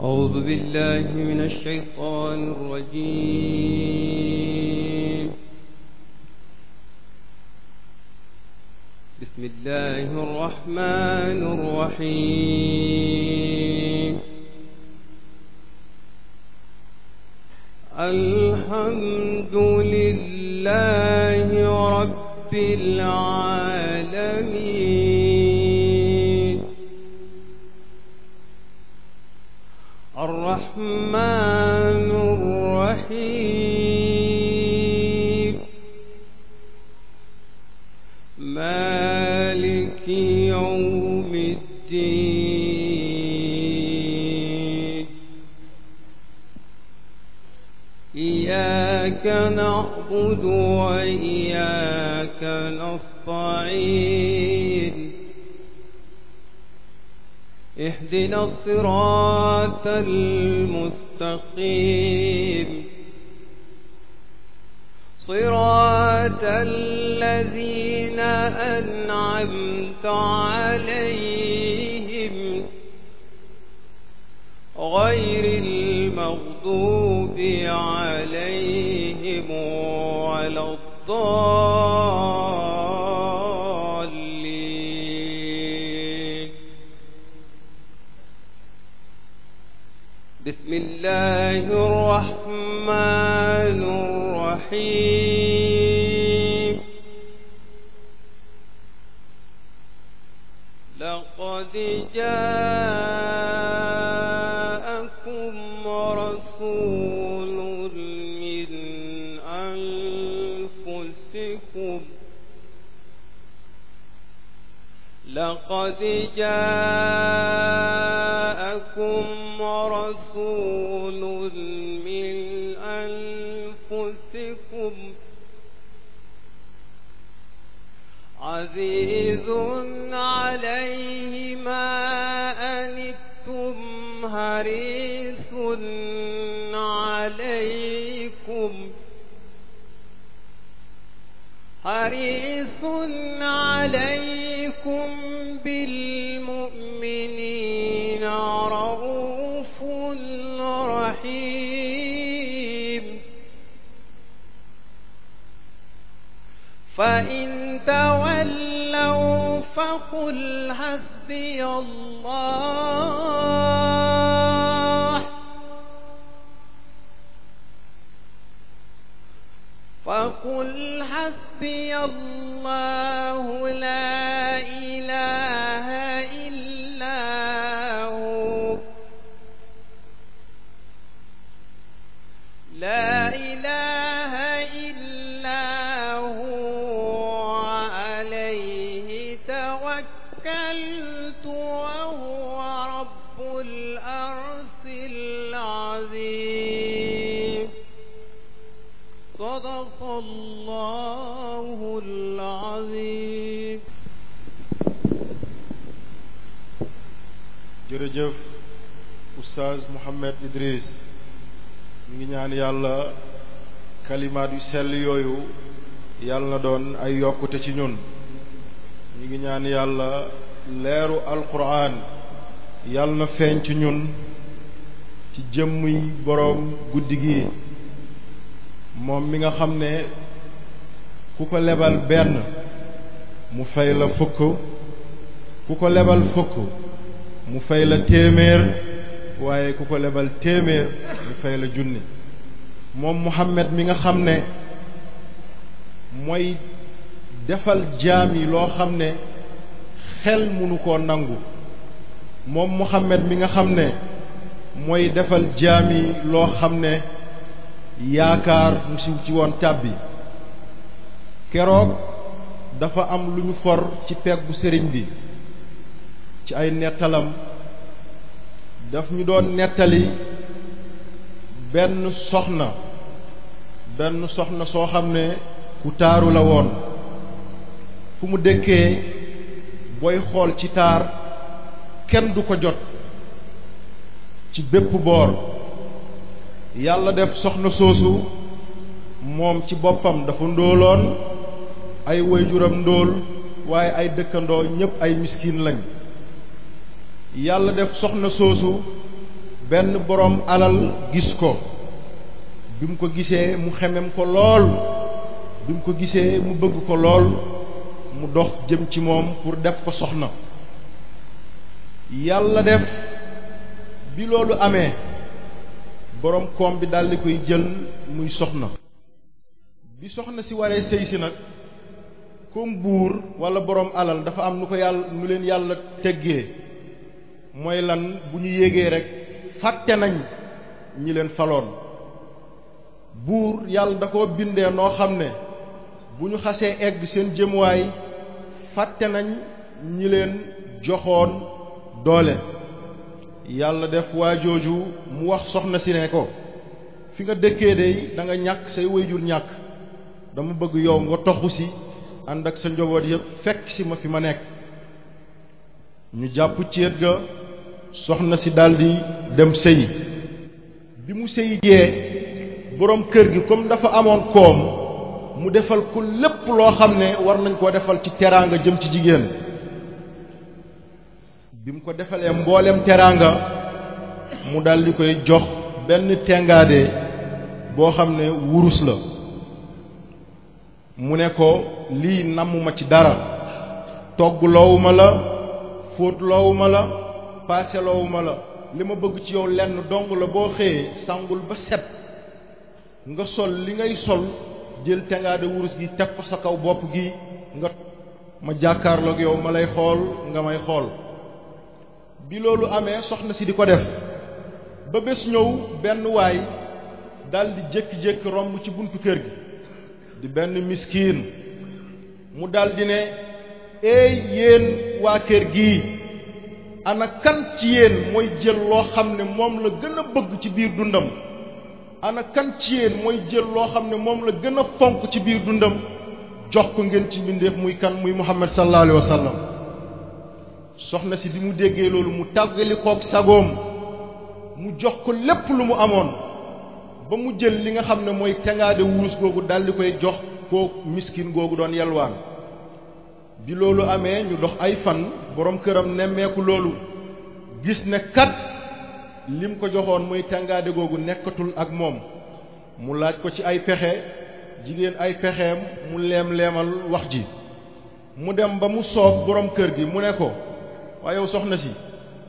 أعوذ بالله من الشيطان الرجيم بسم الله الرحمن الرحيم الحمد لله رب العالمين نعبد وإياك نستعين اهدنا الصراط المستقيم صراط الذين أنعمت عليهم غير المغضوب عليهم الضالين بسم الله الرحمن الرحيم لقد جاء لقد جاءكم رسول من أنفسكم عزيز عليه ما أنتم حريص عليكم حريص عليكم فإن تولوا فقل حسبي الله فقل حسبي الله لا إله jërëjëf oustaz Mouhamed Idriss ñu ngi ñaan yàlla kalimaat yu sell yooyu yàlla na doon ay yokkute ci ñun ñu ngi ñaan yàlla leeru alquran yàlla na feeñ ci ñun ci jëmmuy boroom guddi gi moom mi nga xam ne ku ko lebal benn mu fay la fukk ku ko lebal fukk mu fay la téeméer waaye ku ko lebal téeméer mu fay la junni moom Muhammad mi nga xam ne mooy defal jaam yi loo xam ne xel munu koo nangu moom Muhammad mi nga xam ne mooy defal jaam yi loo xam ne yaakaar mu si ci woon tàbbi keroog dafa am lu ñu for ci peggu sëriñ bi ci ay nettalam daf ñu doon nettali benn soxna benn soxna soo xam ne ku taaru la woon fu mu dëkkee booy xool ci taar kenn du ko jot ci bépp boor yàlla def soxna soosu moom ci boppam dafa ndóoloon ay waajuram ndóol waaye ay dëkkandoo ñépp ay miskin lañ yàlla def soxna soosu benn boroom alal gis ko bi mu ko gisee mu xemem ko lool bi mu ko gisee mu bëgg ko lool mu dox jëm ci moom pour def ko soxna yàlla def bi loolu amee boroom koom bi daldi koy jël muy soxna bi soxna si waree sëy si nag koom buur walla boroom alal dafa am nu ko yàlla nu leen yàlla teggee mooy lan bu ñu yéegee rek fàtte nañ ñi leen faloon buur yàlla da koo bindee noo xam ne bu ñu xasee egg seen jëmuwaay fàtte nañ ñi leen joxoon doole yàlla def waa jooju mu wax soxna si ne ko fi nga dëkkee day da nga ñàkk say wayjur ñàkk dama bëgg yow nga toxu si ànd ak sa njaboot yëpp fekk si ma fi ma nekk ñu jàpp céet ga soxna si daldi dem sëyi bi mu sëyi jee boroom kër gi comme dafa amoon koom mu defal ko lépp loo xam ne war nañ koo defal ci teraanga jëm ci jigéen bi mu ko defalee mboolem teraanga mu daldi koy jox benn tengaade boo xam ne wurus la mu ne ko lii nammuma ci dara togg loowu ma la fóot loowu ma la paaseloowuma la li ma bëgg ci yow lenn dong la boo xëyee sangul ba set nga sol li ngay sol jël tengaade wurus gi teg ko sa kaw bopp gi nga ma jàkkaarloog yow ma lay xool nga may xool bi loolu amee soxna si di ko def ba bés ñëw benn waay daldi jékki-jékki romb ci buntu kër gi di benn miskiin mu daldi ne eey yéen waa kër gii ana kan ci yéen mooy jël loo xam ne moom la gën a bëgg ci biir dundam ana kan ci yéen mooy jël loo xam ne moom la gën a fonk ci biir dundam jox ko ngeen ci mbindeef muy kan muy Muhammad sallallahu alayhi soxna si bi mu déggee loolu mu tàggali koog sagoom mu jox ko lépp lu mu amoon ba mu jël li nga xam ne mooy tengaade wurus googu daldi koy jox koo miskin googu doon yalwaan bi loolu amee ñu dox ay fan borom këram nemmeeku loolu gis ne kat lim ko joxoon muy tàngaade googu nekkatul ak moom mu laaj ko ci ay pexe jigéen ay pexeem mu leem-leemal wax ji mu dem ba mu soof borom kër gi mu ne ko waaye yow soxna si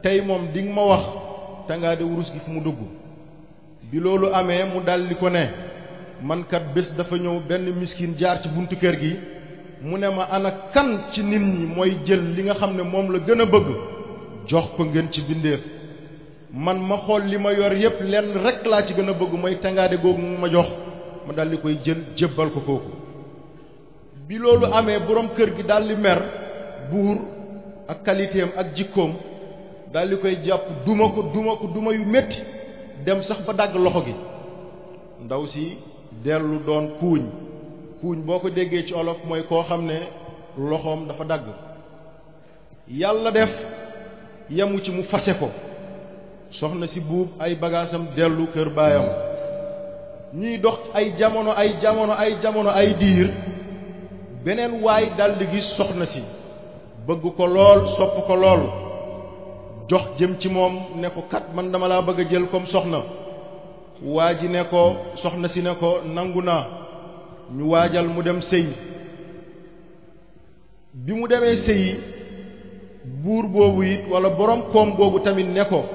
tey moom dinga ma wax tàngaade wurus gi fu mu dugg bi loolu amee mu daldi ko ne man kat bés dafa ñëw benn miskin jaar ci buntu kër gi mu ne ma ana kan ci nit ñi mooy jël li nga xam ne moom la gën a bëgg jox ko ngeen ci bindeef man ma xool li ma yor yépp lenn rek laa ci gën a bëgg mooy tengaade googu mu ma jox ma daal di koy jël jébbal ko kooku bi loolu amee boroom kër gi daal di mer buur ak qualité ak jikkoom daldi koy jàpp duma ko duma ko duma yu métti dem sax ba dagg loxo gi ndaw si dellu doon kuuñ kuuñ boo ko déggee ci olof mooy koo xam ne loxoom dafa dagg yàlla def yemu ci mu fase ko soxna si buub ay bagaasam dellu kër baayam ñuy dox ay jamono ay jamono ay jamono ay diir beneen waay daldi gis soxna si bëgg ko lool sopp ko loolu jox jëm ci moom ne ko kat man dama laa bëgg a jël comme soxna waa ji ne ko soxna si ne ko nangu naa ñu waajal mu dem sëy bi mu demee sëyi buur boobu it wala borom koom googu tamit ne ko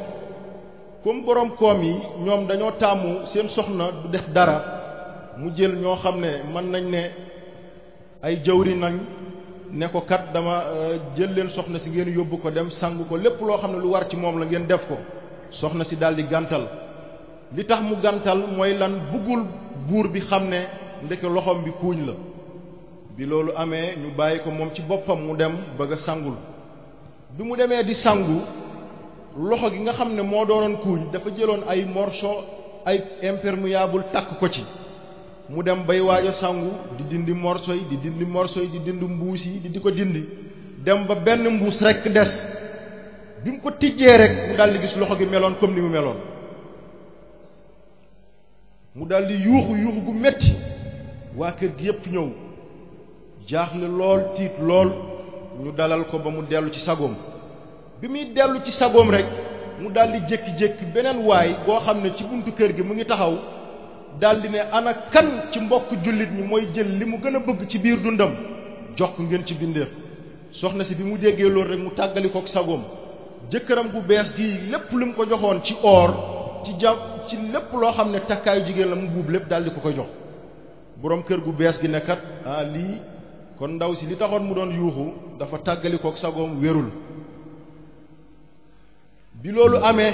comme boroom koom yi ñoom dañoo taamu seen soxna du def dara mu jël ñoo xam ne mën nañ ne ay jawri nañ ne ko kat dama euh, jël leen soxna si ngeen yóbbu ko dem sangu ko lépp loo xam ne lu war ci moom la ngeen def ko soxna si daldi gàntal li tax mu gàntal mooy lan bëggul buur bi xam ne ndeke loxoom bi kuuñ la bi loolu amee ñu bàyyi ko moom ci boppam mu dem bëgg sangul bi mu demee di sangu loxo gi nga xam ne moo doonoon kuuñ dafa jëloon ay morceau ay imperméable takk ko ci mu dem bay waajo sangu di dindi morso yi di dindi morso yi di mbuus yi di ko dindi dem ba benn mbuus rek des bi mu ko tijjee rek mu daldi gis loxo gi meloon comme ni mu meloon mu daldi yuuxu yuuxu gu metti waa kër gi yépp ñëw jaaxle lool tiit lool ñu dalal ko ba mu dellu ci sagoom bi muy dellu ci sagoom rek mu daldi jékki-jékki beneen waay goo xam ne ci buntu kër gi mu ngi taxaw daldi ne ana kan ci mbokk jullit ñi mooy jël li mu gën a bëgg ci biir dundam jox ku ngeen ci bindeef soxna si bi mu déggee loolu rek mu tàggali kook sagoom jëkkëram gu bees gii lépp lu mu ko joxoon ci or jàpp ci lépp loo xam ne takkaayu jigéen la mu buub lépp daldi ko ko jox borom kër gu bees gi ne kat ah, lii kon ndaw si li taxoon mu doon yuuxu dafa tàggalikook sagoom wérul bi loolu amee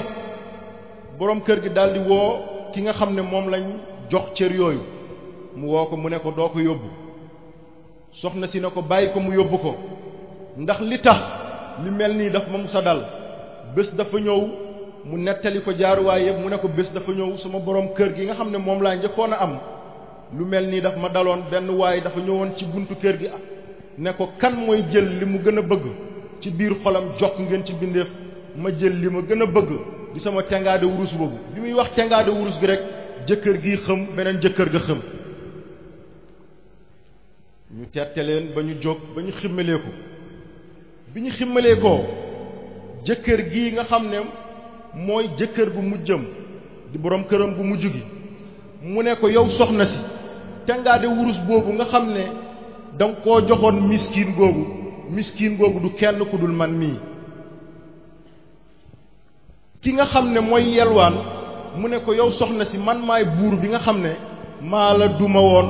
borom kër gi daldi woo ki nga xam ne moom lañ jox cër yooyu mu woo ko mu ne ko doo ko yóbbu soxna si ne ko bàyyi ko mu yóbbu ko ndax li tax li mel nii dafa ma musa dal bés dafa ñëw mu nettali ko jaaruwaay yëpp mu ne ko bés dafa ñëw suma borom kër gi nga xam ne moom laa njëkkoon a am lu mel nii dafa ma daloon benn waaye dafa ñëwoon ci buntu kër gi ne ko kan mooy jël li mu gën a bëgg ci biir xolam jokk ngeen ci bindeef ma jël li ma gën a bëgg di sama tengaade wurus boobu bi muy wax tengaade wurus gi rek jëkkër gi xëm beneen jëkkër ga xëm ñu terte leen ba ñu jóg ba ñu ximmelee ko bi ñu ximmalee ko jëkkër gi nga xam ne mooy jëkkër bu mujjëm di borom këram gu mujj gi mu ne ko yow soxna si cangaade wurus boobu nga xam ne danga koo joxoon miskiin googu miskiin googu du kenn ku dul man mii ki nga xam ne mooy yelwaan mu ne ko yow soxna si man maay buur di nga xam ne maa la duma woon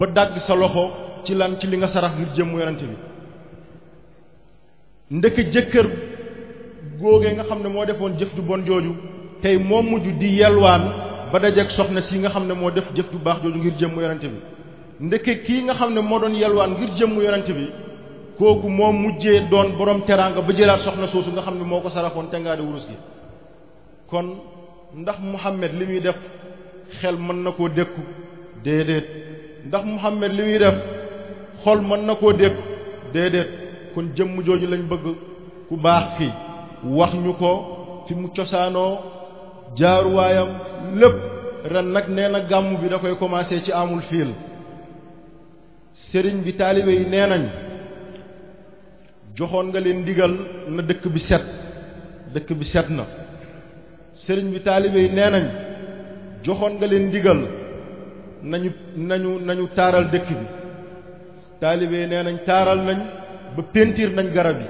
ba dagg sa loxo ci lan ci li nga sarax ngir jëmm yonente bi ndëkk jëkkër góogee nga xam ne moo defoon jëf du bon jooju tey moo mujj di yelwaan ba dajeeg soxna si nga xam ne moo def jëf ju baax jooju ngir jëmm yonente bi ndeke kii nga xam ne moo doon yalwaan ngir jëmm yonente bi kooku moo mujjee doon borom teraanga ba jëlaat soxna soosu nga xam ne moo ko saraxoon tengaade wurus gi kon ndax Muhammad li muy def xel mën na koo dékku déedéet ndax Muhammad li muy def xol mën na koo dékku déedéet kon jëmm jooju lañ bëgg ku baax ki wax ñu ko fi mu cosaanoo jaaruwaayam lépp ren nag nee na gàmm bi da koy commencer ci amul fiil sëriñ bi taalibe yi nee nañ joxoon nga leen digal na dëkk bi set dëkk bi set na sëriñ bi taalibe yi nee nañ joxoon nga leen digal nañu nañu nañu taaral dëkk bi taalibe yi nee nañ taaral nañ ba pentiir nañ garab yi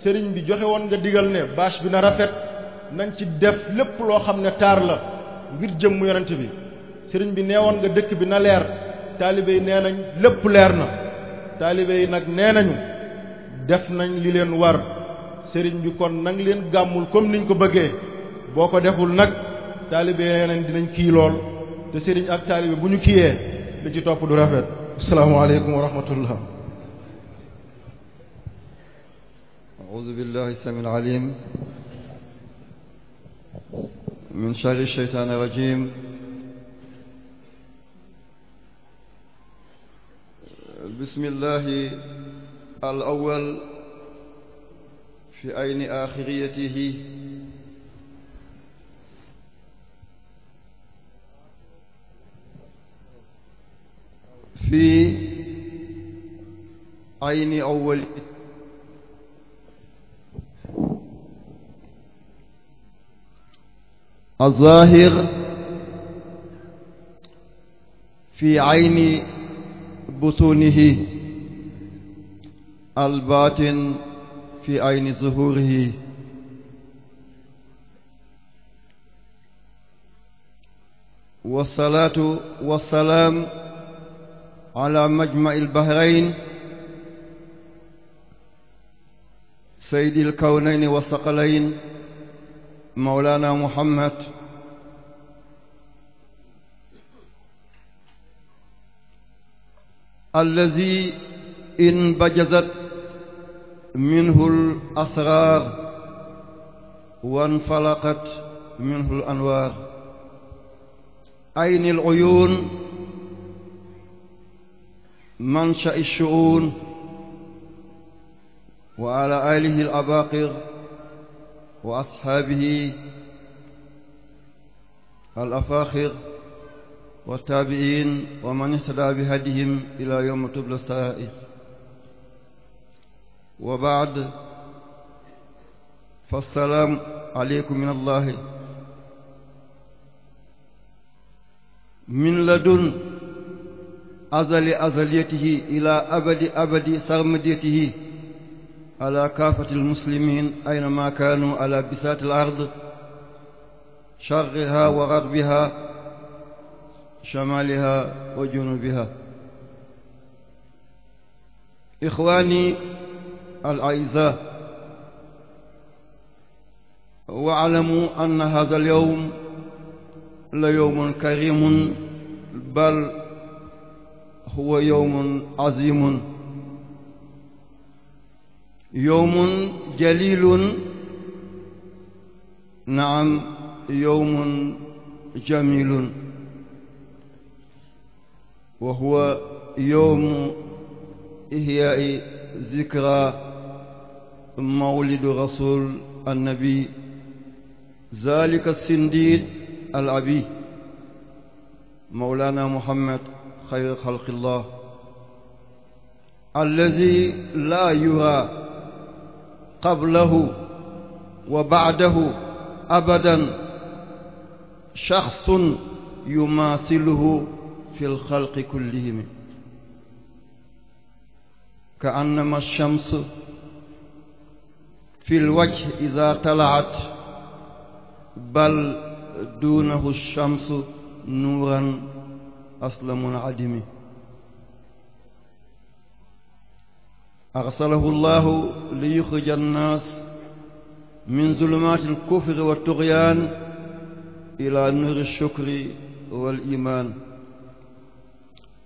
sëriñ bi joxe woon nga digal ne bâche bi na rafet nañ ci def lépp loo xam ne taar la ngir jëmm yonent bi sëriñ bi nee woon nga dëkk bi na leer taalibe yi nee nañ lépp leer na taalibe yi nag nee nañu def nañ li leen war sëriñ bi kon nang leen gàmmul comme niñ ko bëggee boo ko deful nag taalibe nee nañ dinañ kii lool te sëriñ ak taalibe bu ñu kiyee li ci topp du rafet asalaamaaleykum wa rahmatullah auzu billahi samil alim من شر الشيطان الرجيم بسم الله الأول في عين آخريته في عين أوليته الظاهر في عين بطونه الباطن في عين ظهوره والصلاة والسلام على مجمع البحرين سيد الكونين والثقلين مولانا محمد الذي إن بجزت منه الأسرار وانفلقت منه الأنوار عين العيون منشأ الشؤون وعلى آله الأباقر وأصحابه الأفاخر والتابعين ومن اهتدى بهديهم إلى يوم تبلى السرائر وبعد فالسلام عليكم من الله من لدن أزل أزليته إلى أبد أبد سرمديته على كافة المسلمين أينما كانوا على بساط الأرض شرها وغربها شمالها وجنوبها إخواني الأعزاء واعلموا أن هذا اليوم ليوم كريم بل هو يوم عظيم yowmun jalilun naam yowmun jamilun wa huwa yowmu ihyaa'i zikra mawlidu rasul annabi zalika sindiid al abi mawlana muhammad xayr xalqillah allazi laa yuraa قبله وبعده أبدا شخص يماثله في الخلق كلهم كأنما الشمس في الوجه إذا طلعت بل دونه الشمس نورا أصل منعدم arsalahu llahu li yuxrija annaas min zulumaati alkufri wa turyaan ila nuuri shukri wal imaan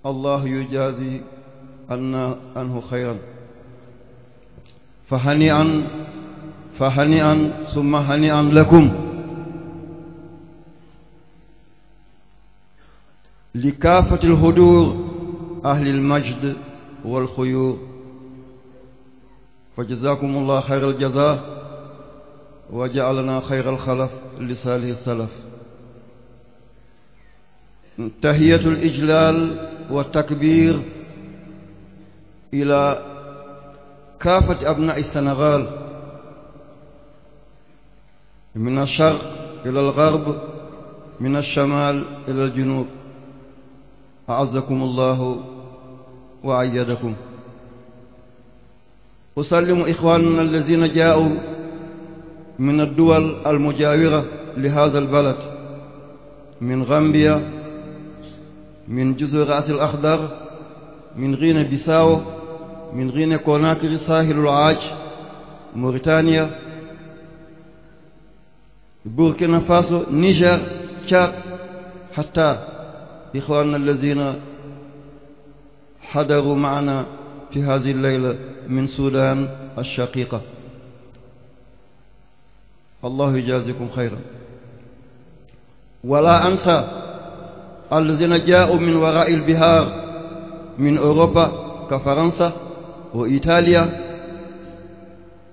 allah yujaazi anna anhu xayran fa hani an fa hani an summa hani an lakum li kaafati alhuduur ahli almajd walxuyuur fa jazakumullah xayral jaza wa ja'alna xayral xalaf li saalihi salaf tahiyatul ijlaal wa takbir ila kaafati abnaa'i Sénégal min alcharq ila algarb min alchamal ila aljunub a'azzakum allahu wa ayyadakum أسلم إخواننا الذين جاءوا من الدول المجاورة لهذا البلد من غامبيا من جزر رأس الأخضر من غينة بيساو من غينة كوناكري ساحل العاج موريتانيا بوركينا فاسو نيجر تشاد حتى إخواننا الذين حضروا معنا في هذه الليلة من سودان الشقيقة الله يجازيكم خيرا ولا أنسى الذين جاءوا من وراء البهار من أوروبا كفرنسا وإيطاليا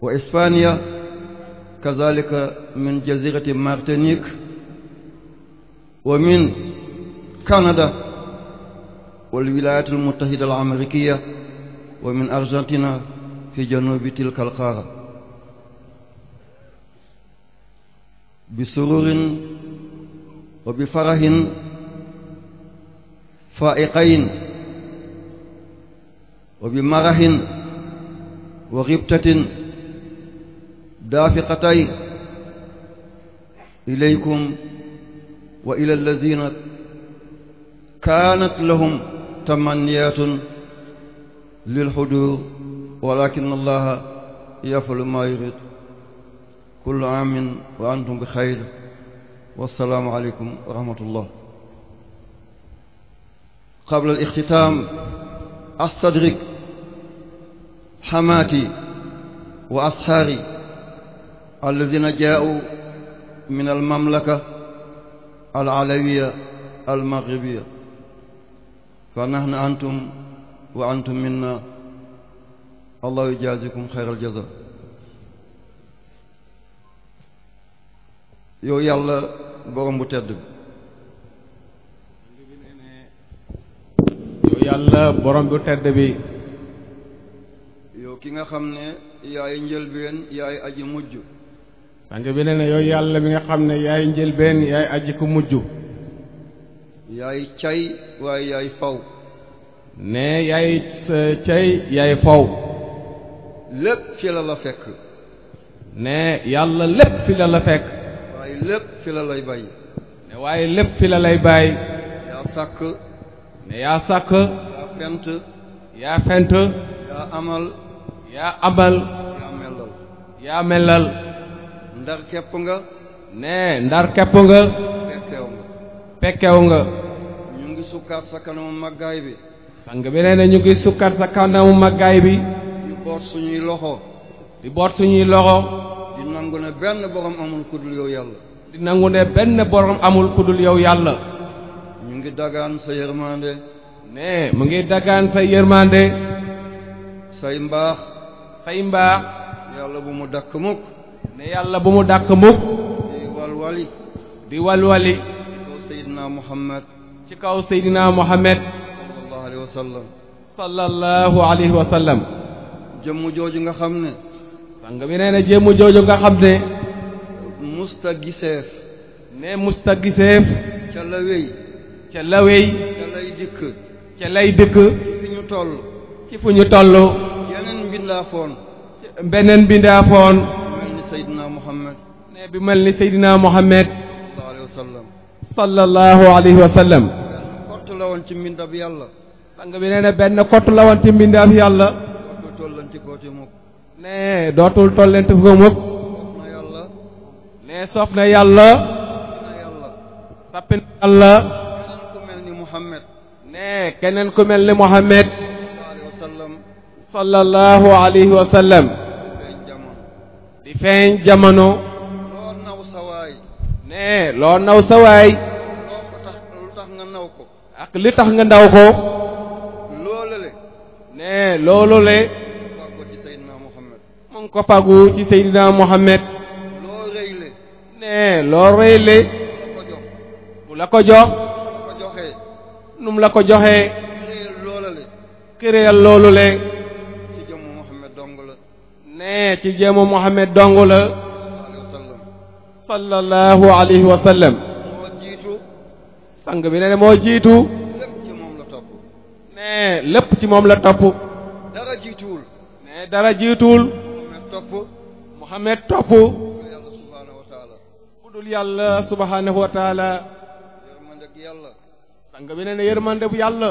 وإسبانيا كذلك من جزيرة مارتينيك ومن كندا والولايات المتحدة الأمريكية wa min argentina fi janubi tilkal qaara bi sururin wa bi farahin faa'iqayn wa bi marahin wa ghibtatin daafiqatay ilaykum wa ila allazina kaanat lahum tamanniyaatun lil xudur walakin allaha yafalu maa yurid kullu amin wa antum bi xayr wassalaamu aleykum wa rahmatullah qabla al ixtitaam astadrik xamaati wa asxaari alladina jaa'u min almamlaka alalawiya almaghribiya fa nahnu antum wa antum minna allahu yajaazikum xayral jaza yow yàlla borom bu tedd bi yow bi yow ki nga xam ne yaay njëlbeen yaay aji mujj sang bi nee na yow yàlla mi nga xam ne yaay njëlbeen yaay aji ku mujj yaay cay waaye yaay faw ne yaay sa cey yaay faw lépp fi la la fekk ne yàlla lépp fi la la fekk waaye lépp fi la lay bàyyi ne waaye lépp fi la lay bàyyi yaa sàkk ne yaa sàkk yaa fent yaa fent yaa amal yaa amal yaa mellal yaa mellal ndar kepp nga ne ndar kepp nga pekkew nga pekkew nga ñu ngi sukkaat sa kanamu màggaay bi sang bi nee na ñu ngi sukkar sa kanamu màggaay bi di boot suñuy loxo di boot suñuy loxo di nangu ne benn borom amul kudul yow yàlla di nangu ne benn borom amul kudul yow yàlla ñu ngi dagaan sa yërmande ne mu ngi dagaan sa yërmande say mbaax say mbaax yàlla bu mu dakk mukk ne yàlla bu mu dakk mukk di walwali di walwali ci kaw Seydina Muhammad sallam sallallahu alayhi wa jëmm jooju nga xam ne sang bi nee na jëmm jooju nga xam ne musta giseef ne musta giseef ca la ca la ca lay dikk ca lay dikk ñu toll ci fu ñu toll yeneen mbindaafoon beneen mbindaafoon mel ni Seydina Muhammad ne bi mel ni Seydina Muhammad sallallahu alayhi wa ci mbindab yàlla sang bi nee na benn kott la woon ci mbindaaf yàlla dootul tollanti kooti mukk nee dootul tollanti ko mukk nee soof na yàlla sappi na yàlla keneen ku mel ni Muhammad nee keneen ku wa sallam di feeñ jamono loo naw sawaay nee loo naw sawaay ak li tax nga ndaw ko ne loolu le mu ko fagu ci Seydina Muhammad ne loo rëy mu la ko jox nu mu la ko joxee këréel loolu le ne ci jëmu Muhammad dong la sallallahu alayhi wa sallam sang bi ne moo jiitu lépp ci moom la topp dara jiituwul. mais dara jiituwul. Muhammad topp. Muhammad topp. ku dul yàlla subhaanahu wa taala. yërmande gi yàlla. sanga bi nee na yërmande bu yàlla.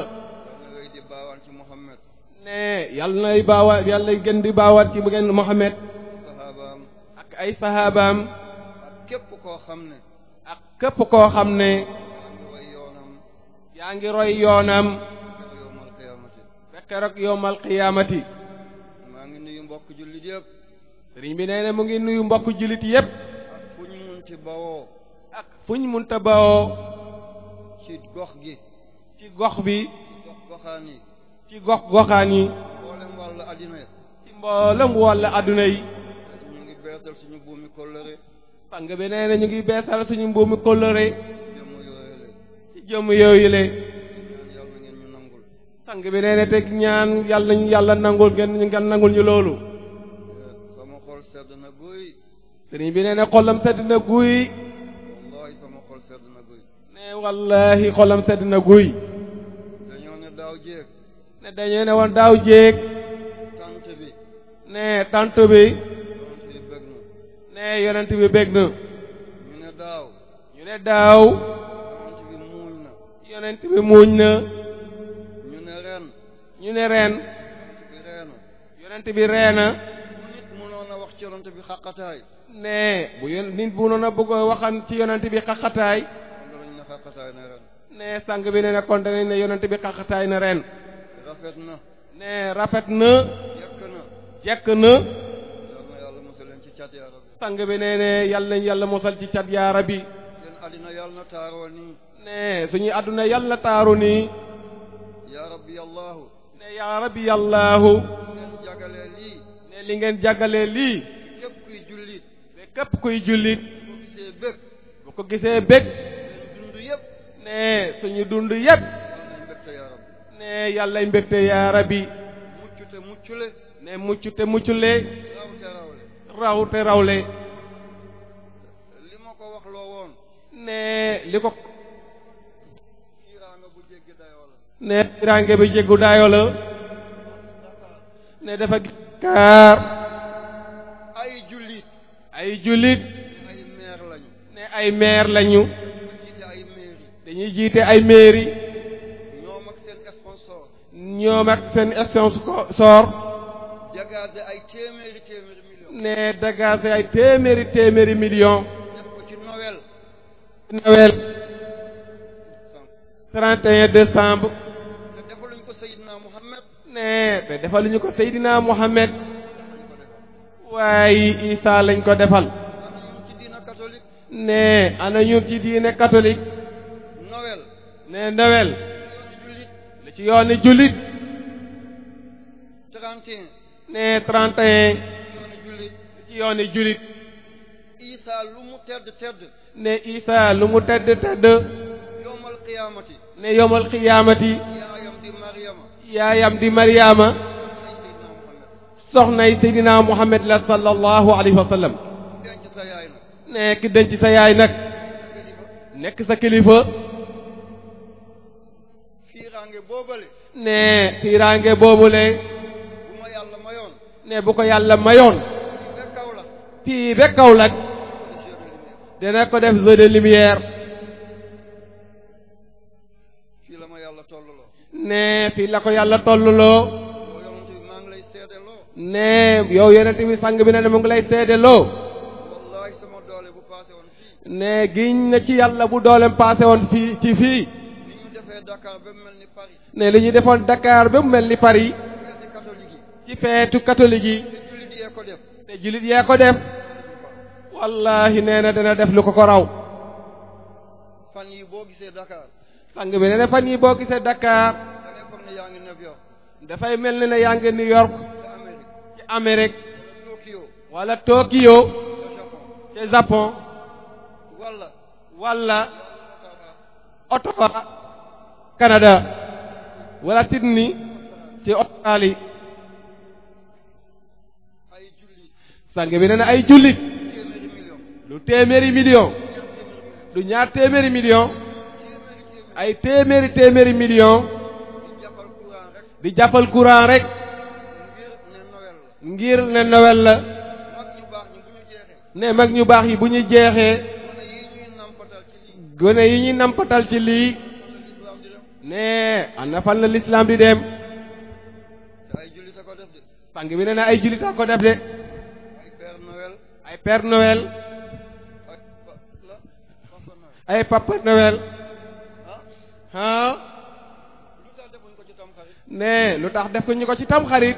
ne yàlla nay baawaat yàlla nay gën di koo xam ne. yaa ngi roy yoonam. keroog yowmal qiyaamati maa ngi nuyu mbokk jullit yëpp sëriñ bi nee na mu ngi nuyu mbokk jullit yëpp ak fu ñu munti bawoo ak fu ñu munta bawoo ci gox gi ci gox bi gox goxaan yi ci gox goxaan yi àdduna yi ci mboolem wàll adduna yi ñu suñu buumi kóllëre bi nee na ñu ngi beesal suñu buumi kóllëre ci jëmm yooyu sang bi nee na teg ñaan yàlla ñu yàlla nangul ngeen ngeen nangul ñu loolu. sama xol sedd na guy. sëriñ bi nee na xolam sedd na guy. wallaahi sama sedd na guy. ne wallaahi xolam sedd na guy. dañoo daaw jéeg. tant bi. ne tant bi. ne yonent bi bég na. ñu ne daaw. ñu ne daaw. yonent bi muuñ na. ñu ne reen yonent bi reena mënoon a wax ci bi xaqataay ne bu yon nit bu noon a waxan ci yonent bi xaqataay ne sang bi ne ne kon danañ ne yonent bi xaqataay na ren rafet na ne rafet na jekk na jekk na sang bi ne ne yàlla nañ yàlla mosal ci cat yaa rabbi seen àddina yàlla na taaroo nii ne suñu àdduna yàlla na taaru nii yaa rabbi yàllaahu ne li ngeen jàggalee lii képp kuy jullit ne képp kuy jullit bu ko gisee bëgg ne suñu dund yépp ne yàllay mbégte yaa rabbi ne mucc te muccule raw te rawle ne li ko ne range bi jéggu daayoo la ne dafa kaar ay jullit ay jullit ne ay maire lañu dañuy jiite ay mairie ñoom ak seen sponsor ne dégagé ay téeméeri téeméeri million def ko ci Noël ne te defaluñu ko Seydina Mohamed waaye Isa lañ ko defal ne ana ñu ci diine catholique ne Noël li ci yooni jullit ne 31 li ci yooni jullit Isa lu mu tedd tedd ne Isa lu mu tedd tedd ne yomal qiyaamati yaayam di Mariama soxnay Seydina Muhammad la sallallahu alayhi wa sallam nekk denc sa yaay nag nekk sa kilifa ne fiiraange boobule ne bu ko yàlla mayoon fii ba Kaolack dana ko def zone de ne fii la ko yàlla tolluloo ne yow yeneen bi sang bi ne ne mu ngi lay seedeloo nee giñ na ci yàlla bu dooleem passé woon fii ci fii ne li ñuy defoon dakaar ba mu mel ni Paris ci feetu catholique yi te jullit yee ko def wallahi nee na dana def lu ko ko raw sang bi nee fan yi boo gisee Dakar dafay mel ni ne yaa ngi New York ci Amérique wala Tokyo ca Japon wala Ottawa Canada wala Sydney ci Australie sang bi nee na ay jullit lu téeméeri million lu ñaar téeméeri million ay téeméeri téeméeri million di jàppal courant rek ngir ne Noël la ne mag ñu baax yi bu ñu jeexee gone yi ñuy nampatal ci lii ne ana fan la lislaam di dem sang bi ne na ay jullit ko def de ay Père Noël ay Papa Noël ah ne lu tax def ko ñu ko ci tamxarit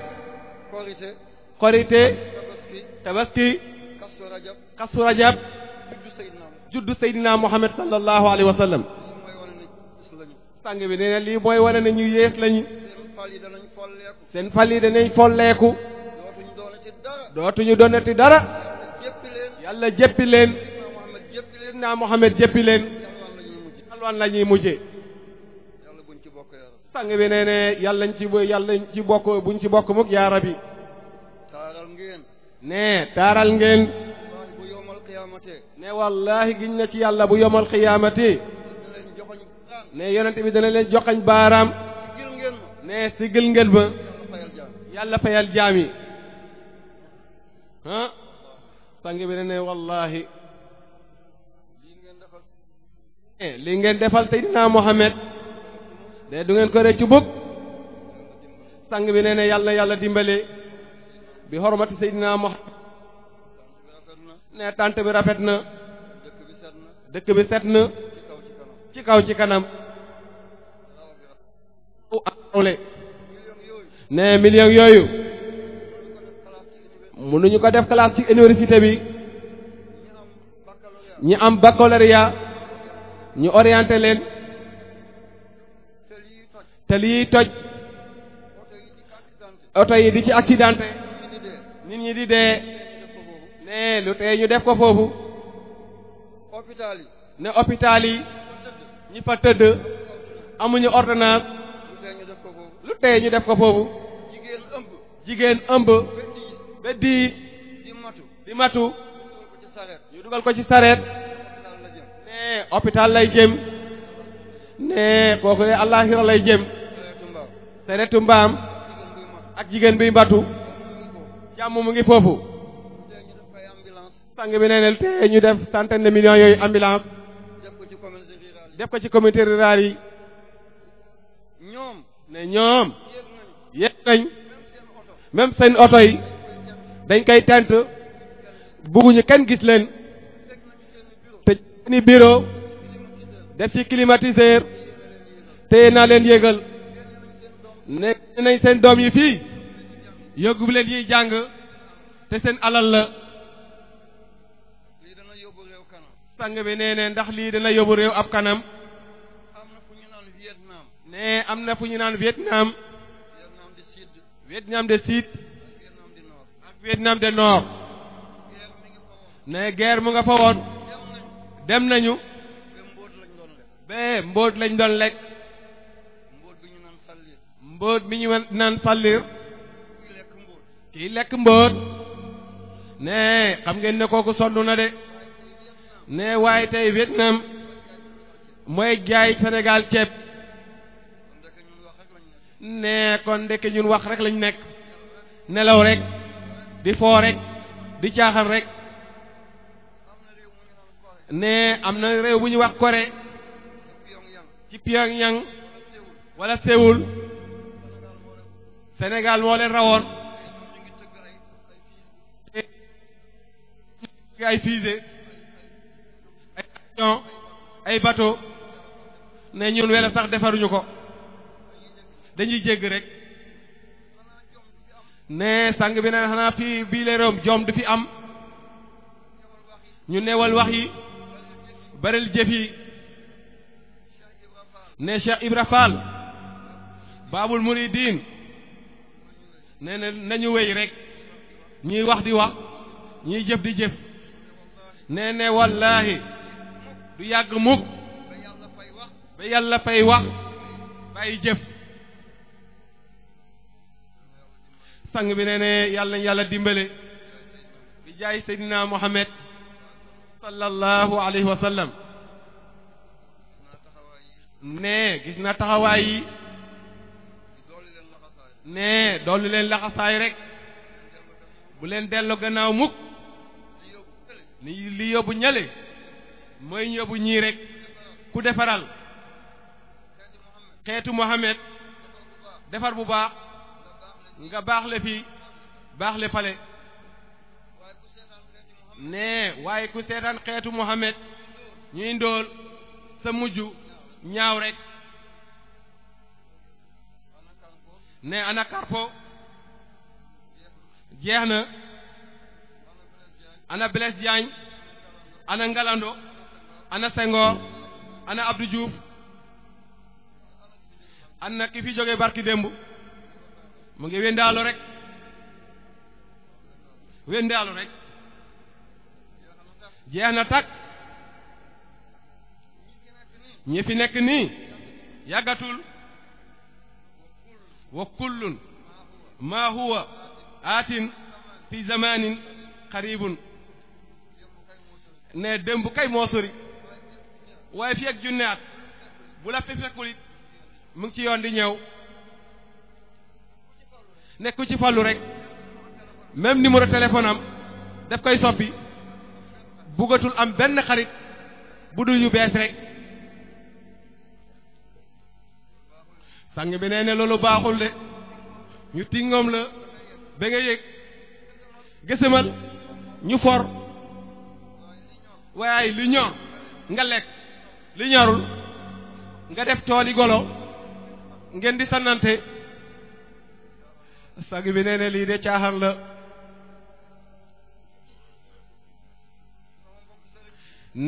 korite korite tabaski kasu rajab kasu rajab juddu seydina muhammad sallallahu alayhi wa sallam bi nee na lii mooy wane ne ñu yées lañu seen fal yi danañ folleeku dootuñu doonati dara yàlla jéppi leen seydina muhammad jéppi leen xalwaan la ñuy mujje sang bi nee ne yàlla nañ ci yàlla nañ ci bokk buñ ci bokk mukk yaa rabbi taaral ngeen nee taaral ngeen bu yowmal xiyaamate wallaahi giñ na ci yàlla bu yowmal xiyaamate ne yonent bi dana leen joxañ baaraam ne sigil ngeen ba yàlla fayal jaam yi bi ne ne wallaahi lii ngeen defal Seydina Muhammad de du ngeen ko ci bukk sang bi nee na yàlla yàlla dimbale bi xormati Seydina Muhammad ne tànt bi rafet na dëkk bi set na ci kaw ci kanam ne million yooyu mënuñu ko def classe ci université bi ñi am baccalauréat ñu orienté leen te lii toj oto yi di ci accidenté nit ñi di dee ne lu tee ñu def ko foofu ne hôpital yi ñi fa tëdd amuñu ordonnance lu tee ñu def ko foofu jigéen ëmb ba di di matu ñu dugal ko ci sareet ne lay jëm ne kooku de àllaxira lay jëm seretu mbaam ak jigéen biy mbatu jàmm mu ngi foofu sang bi nee na te ñu def centaine de millions yooyu ambulance def ko ci communauté rurale yi ñoom ne ñoom nañ même seen oto yi dañ koy tent bugguñu kenn gis leen te seeni bureau def ci climatiseur téye naa leen yégal nekk nañ seen doom yi fii yóbbu leen yiy jàng te seen alal la sang bi nee ne ndax lii dana yóbbu réew ab kanam nee am na fu ñu naan Vietnam Vietnam de Sud ak Vietnam de Nord ne guerre mu nga fa woon dem nañu ba mbóot lañ doon lekk mbóot mi ñu naan fàllir kii lekk mbóot nee xam ngeen ne kooku sonn na de nee waaye tey Vietnam mooy jaay senegal ceeb nee kon ndeke ñun wax rek lañu nekk nelaw rek di foo rek di caaxaan rek nee am na réew bu ñu wax Corée ci Pyongyang wala Séoul senegaal moo leen rawoon ay fusée ay avion ay bateau ne ñun wele sax defaruñu ko dañuy jégg rek ne sang bi ne xanaa fii bii la jom du fi am ñu newal wax yi baril jëf yi ne Cheikh Ibra Fall Babul Muridiin nee nañu wéy rek ñiy wax di wax ñiy jëf di jëf nee wallaahi du yàgg mukk ba yàlla fay wax bàyyi jëf sang bi nee ne yàlla yàlla dimbale di jaay seydina Muhammad sallallahu alayhi wa nee gis na taxawaay yi ne doolu leen laxasaay rek bu leen delloo gannaaw mukk li yóbbu ñële mooy ñu yóbbu ñii rek ku defaral xeetu Mohamed defar bu baax nga baax la fi baax le fale ne waaye ku seetaan xeetu Mohamed ñuy ndóol sa mujj ñaaw rek ne ana Carpo jeex na ana Blaise Diagne ana Ngalando ana Senghor ana Abdou Diouf ana ki fi jóge barki démb mu ngi wéndaalu rek wéndaalu rek jeex na takk ñi fi nekk nii yàggatul wa kullun maa huwa aatin fi zamanin xaribun ne démb kay moo waaye fi ak junne at bu la fi mu ngi ci yoon di ñëw nekku ci fallu rek même numéro téléphone am daf koy soppi bëggatul am benn xarit bu dul yu bees rek sang bi nee ne loolu baaxul de ñu tingoom la ba nga yëg gësëmal ñu for waaye li ñor nga lekk lu ñorul nga def tooli golo ngeen di sànnante sang bi nee ne lii de caaxaan la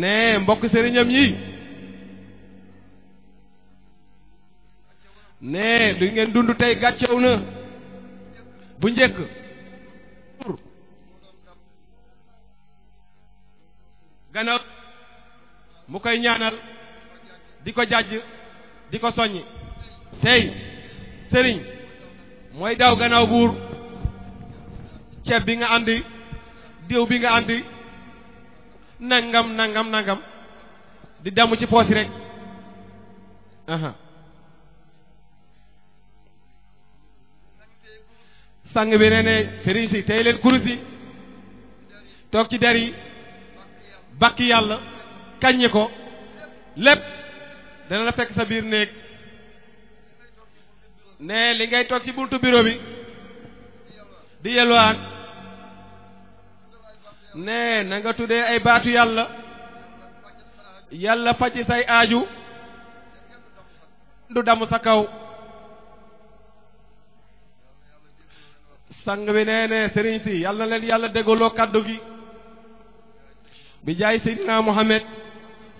nee mbokk sëriñam yi ne du ngeen dund tey gàccew na bu njëkk gannaaw mu koy ñaanal di ko jàjj di ko soññ tey sëriñ mooy daw ganaaw buur ceeb bi nga àndi diw bi nga àndi nangam nangam nangam di dem ci poosi rek sang bi nee na sëriñ si tey leen kurus toog ci der yi bakki yàlla kaññe ko lépp dana la fekk sa biir néeg ne li ngay toog ci buntu bureau bi di yelwaan ne na nga tuddee ay baatu yàlla yàlla faci say aaju du damm sa kaw sang bi nee ne sëriñ si yàlla na leen yàlla dégguloo kaddu gi bi jaay seydina Muhammad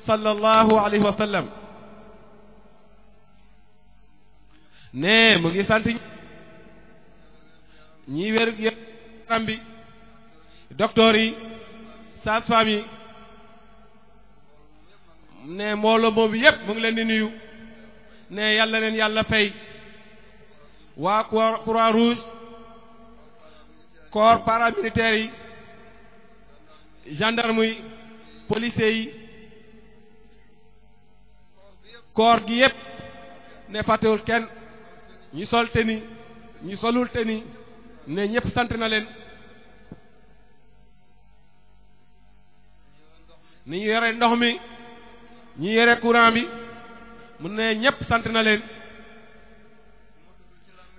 sallallahu alayhi wa sallam mu ngi sant ñi wér yaram bi docteur yi sage-femme yi ne mbooloo boobu yépp mu ngi leen di nuyu ne yàlla leen yàlla fay waa Croix-Rouge corps paramilitaires yi gendarme yi policiers yi koor gi yépp ne fàttewul kenn ñi sol te ni ñi solul te ni ne ñépp sant na leen ni ñu yore ndox mi ñu yore courant bi mu ne ñépp sant na leen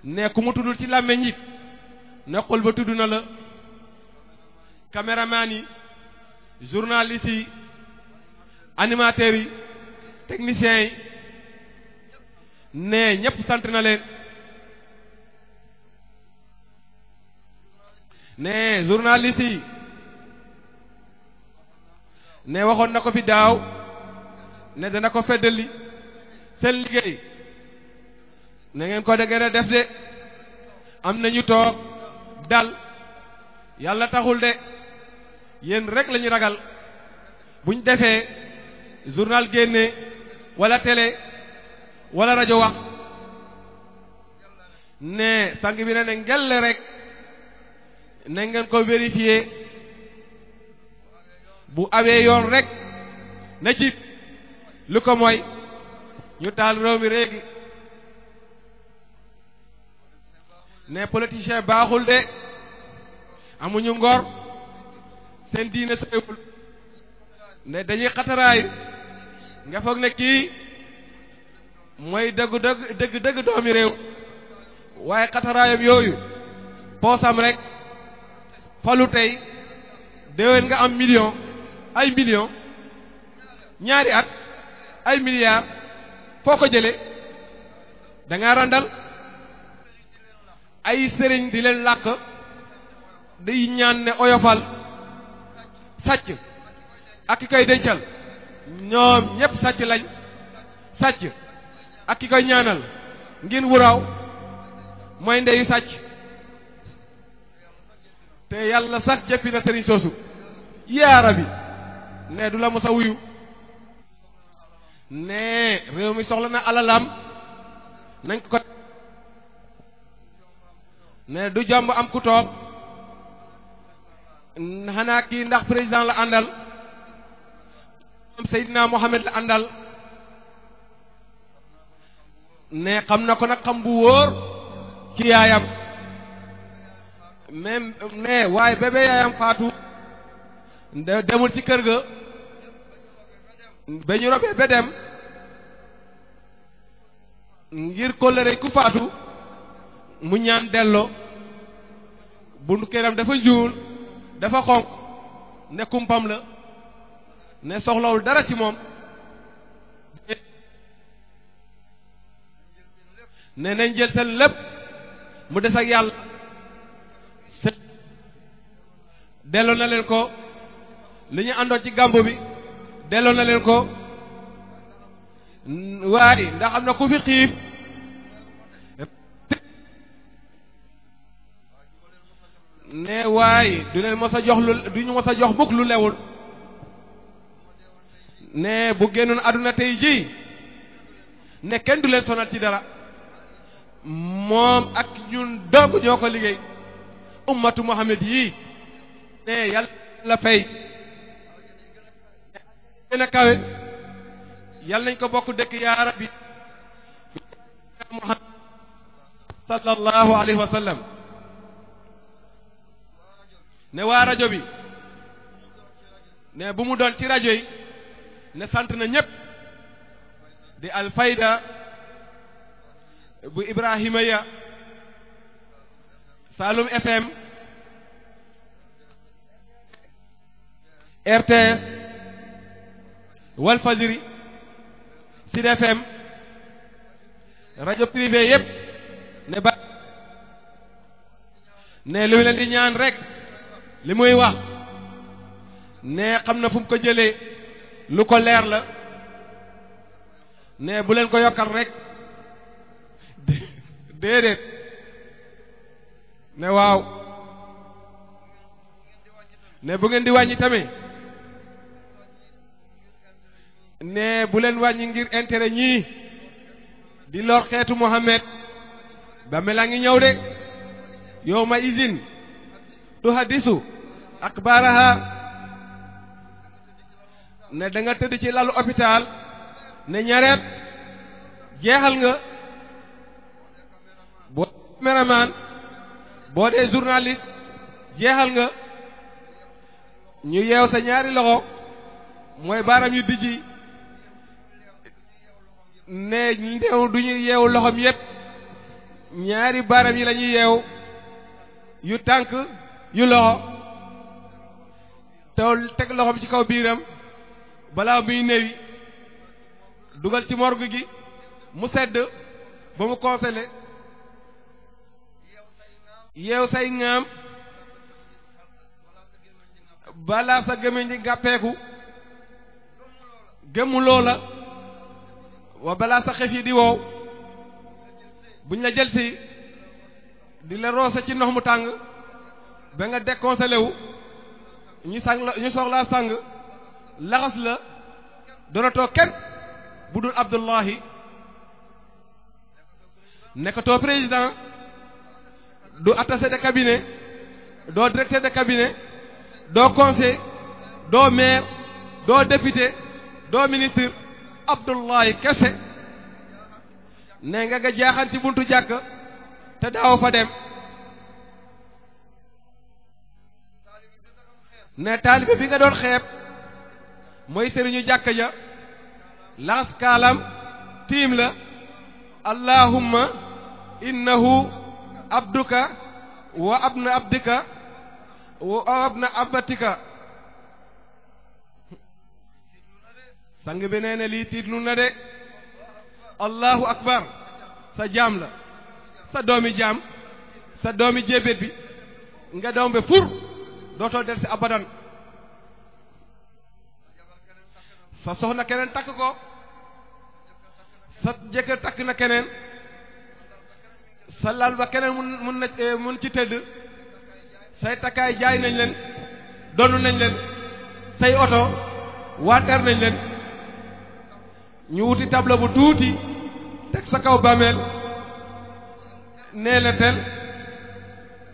ne ku mu tuddul ci làmmeñ it ne xol tudd na la caméraman yi journalistes yi animateurs yi techniciens yi ne ñépp sant na leen ne journalistes yi ne waxoon na ko fi daaw ne dana ko feddali seen liggéey na ngeen ko da ngeen def de am na ñu toog daal yàlla taxul de yéen rek la ñuy ragal buñ defee journal génnee walla tele wala rajo wax ne sang bi na ne ngel rek ne ngeen ko vérifier bu awee yoon rek na ci li ko moy ñu taal réew mi réegi ne politicien baaxul de amuñu ngor seen diine soriwul ne dañuy xataraay nga foog ne kii mooy dëgg dëgg dëgg dëgg doomi réew waaye xataraayam yooyu poosam rek falu tey déwén nga am million ay million ñaari at ay milliards foo ko jëlee da randal ay sëriñ di leen làkk day ñaan ne oyofal sàcc ak ki koy dencal ñoom ñépp sàcc lañ sàcc ak ki koy ñaanal ngeen wuraaw mooy ndeyu sàcc te yàlla sax jëppi na sëriñ soosu yaara bi ne du la mos wuyu ne réew mi soxla na alalam nañ ko ne du jàmb am ku toog xanaa kii ndax président la àndal am Seydina Mohamed la àndal ne xam na ko nag xam bu wóor ci yaayam même ne waaye bébé yaayam faatu demul ci kër ga ba ñu robee ba dem ngir kóllëre ku faatu mu ñaan delloo buntu këram dafa njuul dafa xonq ne kumpam la ne soxlawul dara ci moom ne nañ jël seen lépp mu des ak yàlla delloo na leen ko li ñu àndoon ci gàmbu bi delloo na leen ko waaye ndaxam na ku fi xiif ne waaye du leen mos a jox lu du ñu a jox mukk lu lewul ne bu génnoon àdduna tey jii ne kenn du leen sonal ci dara moom ak ñun dëgg ñoo ko liggéey ummatu Muhammad yii ne yàlla la yàlla nañ ko bokk dëkk yaa rabbi Muhammad sallallahu alayhi wa sallam ne waa rajo bi ne bu mu doon ci rajo yi ne sant na ñépp di alfayda bu Ibrahima ya Saalum FM RTS Walfadjri Sud rajo privé yépp ne ba ne lu di ñaan rek li muy wax ne xam na fum ko jëlee lu ko leer la ne bu leen ko yokkal rek déedéet ne waaw ne bu ngeen di wàññi tamit ne bu leen wàññi ngir intérêt ñii di lor xeetu Mohammed ba melaa ngi ñëw de yow ma usine tuhaddisu akbaaraha ne da nga tëdd ci lalu hôpital ne ñareet jeexal nga boo dee caméraman boo dee journaliste jeexal nga ñu yeew sa ñaari loxo mooy baaram yu dijji ne ndeew du ñu yeewu loxoom yépp ñaari baaram yi lañuy ñuy yeew yu tànk yu loxo te teg loxo bi ci kaw biiram balaa muy néewi dugal ci morgue gi mu sedd ba mu consolé yeew say ŋaam balaa sa gémmiñ di gàppeeku gëmmu loola wa balaa sa xef yi di wow buñ la jëlsi di la roose ci ndox mu tàng ba nga déconseillé wu ñu sang la ñu soxlaa sang laxas la doonatoo kenn bu dul Abdullahi nekkatoo président du attaché de cabinet doo directeur de cabinet doo conseil doo maire doo député doo ministre Abdullahi kese ne nga nga jaaxaan ci buntu jàkk te daaw fa dem ne taalibe bi nga doon xeeb mooy sëriñu jàkk ja laas kaalam tiim la allahumma innahu abduka wa abna abdika wa abna abatika sang bi nee na lii tiitlu na de allahu akbar sa jaam la sa doomi jaam sa doomi jébét bi nga doom be fur dootoo del si abadan sa soxna keneen takk ko sa jëkkër takk na keneen sa lal keneen mun mun na eh, mën ci tëdd say takkaay jaay nañ leen donn nañ leen say oto wanteer nañ leen ñu wuti tableau bu tuuti teg sa kaw bàmmeel nee la teel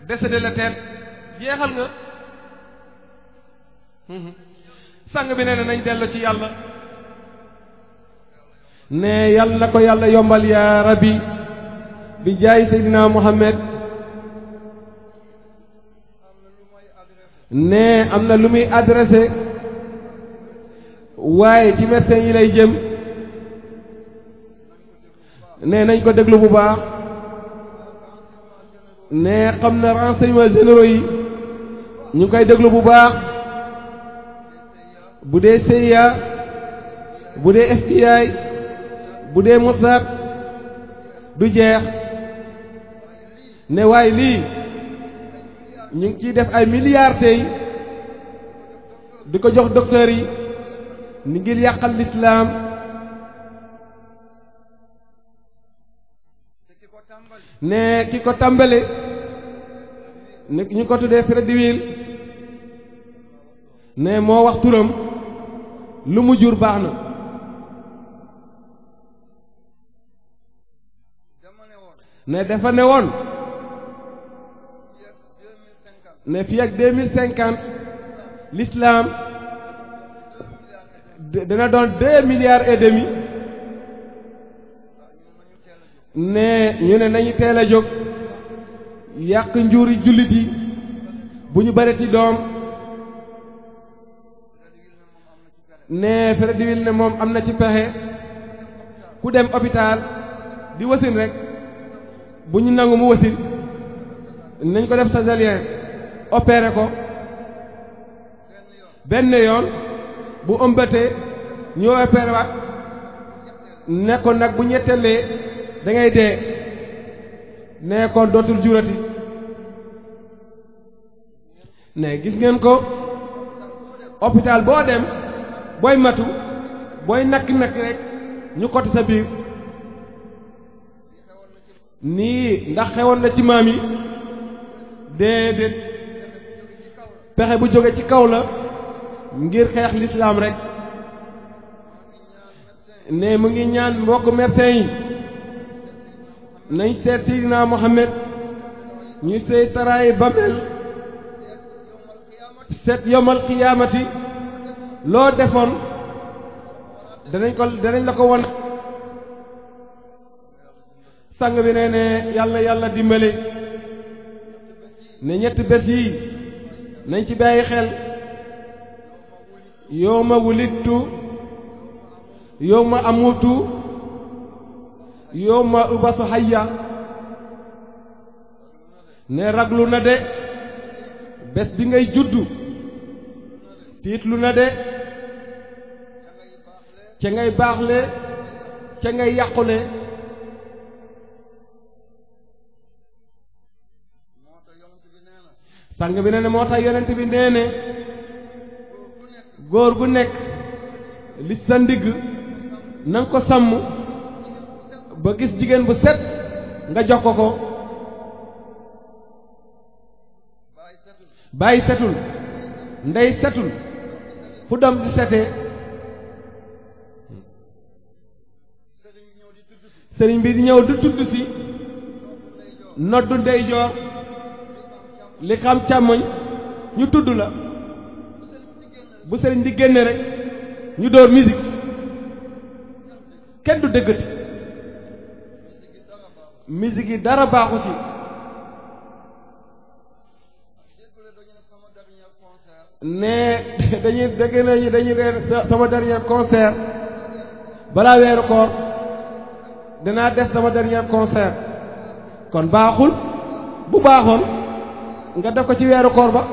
décédé la teel jeexal nga sang bi nee nañ dellu ci yàlla ne yàlla na ko yàlla yombal yaa rabbi bi jaay seydina Muhammad ne am na lu muy adressé waaye ci médecin yi lay jëm ne nañ ko déglu bu baax ne xam na renseignements généraux yi ñu koy déglu bu baax bu dee CIA bu dee FBI bu dee Mossad du jeex ne waay lii ñu ngi ciy def ay milliards tey di ko jox docteurs yi ni ngir yàqal lislaam ne ki ko tàmbale ne ñu ko tuddee Fredwill ne moo wax turam lu mu jur baax na ne dafa ne woon ne fii ak deux mille cinquante l'islam dana doon deux milliards et demi ne ñu ne nañu teel a jóg yàq njuuri jullit yi bu ñu bare ci doom ne Fredeville ne moom am na ci pexe ku dem hôpital di wasin rek bu ñu nangu mu wasin nañ ko def césarien opéré ko benn yoon bu ëmbatee ñu opéré waat ne ko nag bu ñettelee da ngay dee ne ko dootul jurati ne gis ngeen ko hôpital boo dem booy matu booy nakk-nakk rek ñu xotti sa biir nii ndax xewoon na ci maam yi déedéet pexe bu jóge ci kaw la ngir xeex lislaam rek ne mu ngi ñaan mbokk médecin yi nañ seet Seydina Mohamed ñu sey taraayi bamel seet yomal qiyaamati loo defoon danañ ko danañ la ko won sang bi nee ne yàlla yàlla dimbali ne ñetti bés yi nañ ci bàyyi xel yow ma wulittu yow ma amutu yow ma ubasu hayya ne raglu na de bés bi ngay juddu tiitlu na de ca ngay baaxle ca ngay yàqule sang bi nee na moo tax yonent bi nee góor gu nekk li sa ndigg na ko sàmm ba gis jigéen bu set nga jox ko ko bàyyi setul ndey setul fu doom di setee sëriñ bi di ñëw du tudd si noddu ndeyjoor li xam càmmoñ ñu tudd la bu sëriñ di génne rek ñu door musique kenn du dëggati musique yi dara baaxu ci ne dañuy dégg nañu dañuy reer sama dernier concert balaa weeru koor dinaa des sama dernier concert kon baaxul bu baaxoon nga def ko ci weeru koor ba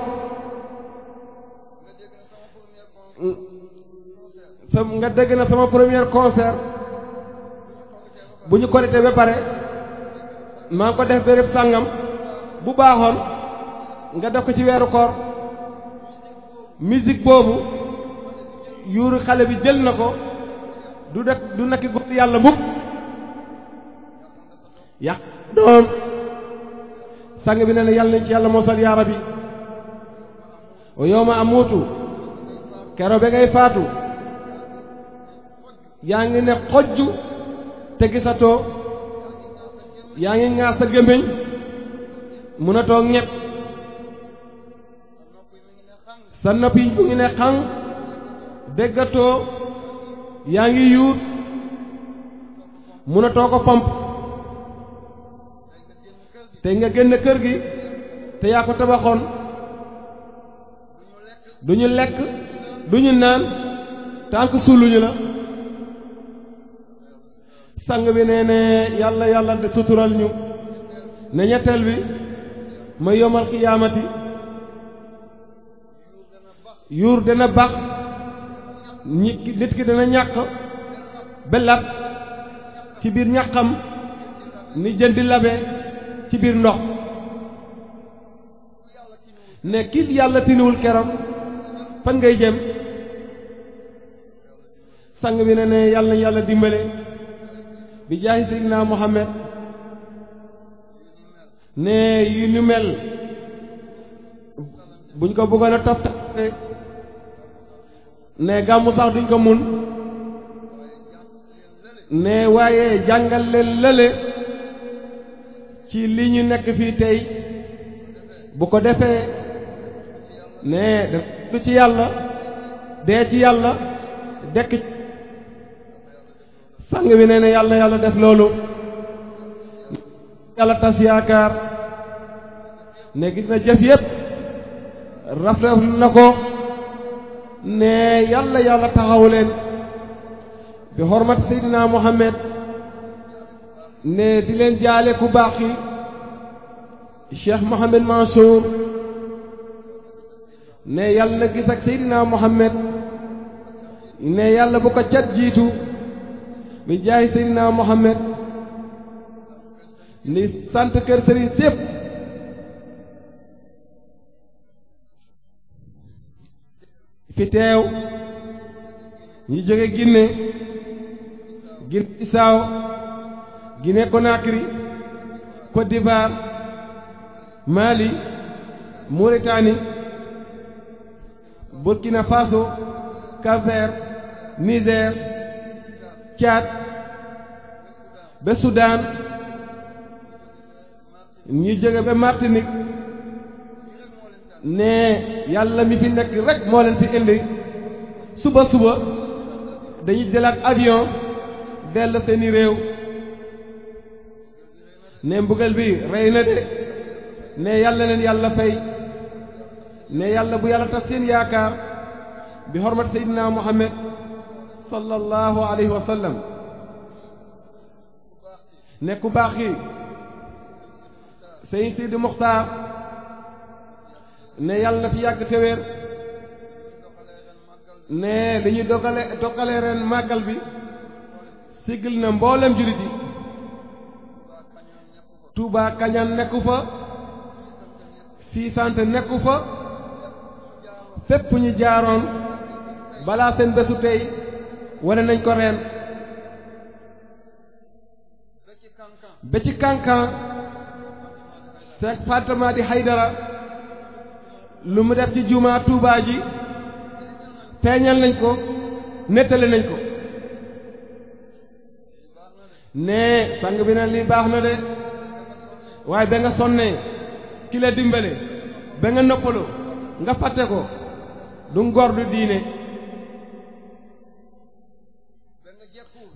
nga dégg na sama premier concert bu ñu korité ba pare maa ngi ko def béréb sàngam bu baaxoon nga def ko ci weeru koor musique boobu yuuru xale bi jël na ko du def du nekk góor yàlla mukk yàq doom sang bi nee na yàlla nañ ci yàlla mosal yaa rabbi wa yawma amutu kero ba ngay faatu yaa ngi nekk xojju te gisatoo yaa ngi ŋaas sa gémmiñ mënatoo ñepp sa nopp yi bu ngi ne xaŋ déggatoo yaa ngi yuut mënatoo ko pomp tey nga génn kër gi te yaa ko tabaxoon du ñu lekk du ñu naan tànk suluñu la sang bi nee ne yàlla yàlla de sutural ñu ne bi ma yomal xiyaamati yuur dana bax ñi nit ki dana ñàkk ba lab ci biir ñàqam ni jën di labe ci biir ndox ne kii yàlla tiniwul keroog fan ngay jëm sang bi ne ne yàlla yàlla dimbale bi jaayi Seydina Muhammad ne yu ñu mel buñ ko bëggoon a topp ne gàmmu sax duñ ko mun ne waaye jàngal leen ci li ñu nekk fii tey bu ko defee ne du ci yàlla dee ci yàlla dekk sang bi nee na yàlla yàlla def loolu yàlla tas yaakaar ne gis na jëf yépp rafetlu na ko ne yàlla yàlla taxaw leen bi xormat Seydina Muhammad ne di jaale ku baax yi Cheikh Mohamed Mansour ne yàlla na gis Seydina Mohamed ne yàlla bu ko cat jiitu mi jaay Seydina Mohamed ni sant kër sëriñ sépp fi teew ñi jóge Guinée Guinée Bissau Guinée Conakry Côte d'Ivoire Mali Mauritanie Burkina Faso Cap-Vert Niger Tchad ba Soudan ñu jóge ba Martinique yàlla mi fi nekk rek moo fi indi suba suba dañuy jëlaat avion dellu seeni réew ne mbugal bi rey na de ne yàlla leen yàlla fay ne yàlla bu yàlla tas seen yaakaar bi xormat seydina muhammad sallallahu alayhi wa sallam ne ku baax yi sëñ Sidi Muxtaar ne yàlla fi yàgg te wér ne dañuy dogale dogalee ren màggal bi sigil na mboolem jurit yi Touba Kañaan nekku fa siisante nekku fa fépp ñu jaaroon balaa seen bésu tey wane nañ ko reen ba ci kankan Cheikh Fatama di Haydara lu mu def ci jumaa tuubaa ji feeñal nañ ko nettali nañ ko nee sang bi na lii baax na de waaye ba nga sonnee ki la dimbale ba nga noppaloo nga fàtte ko du ngor du diine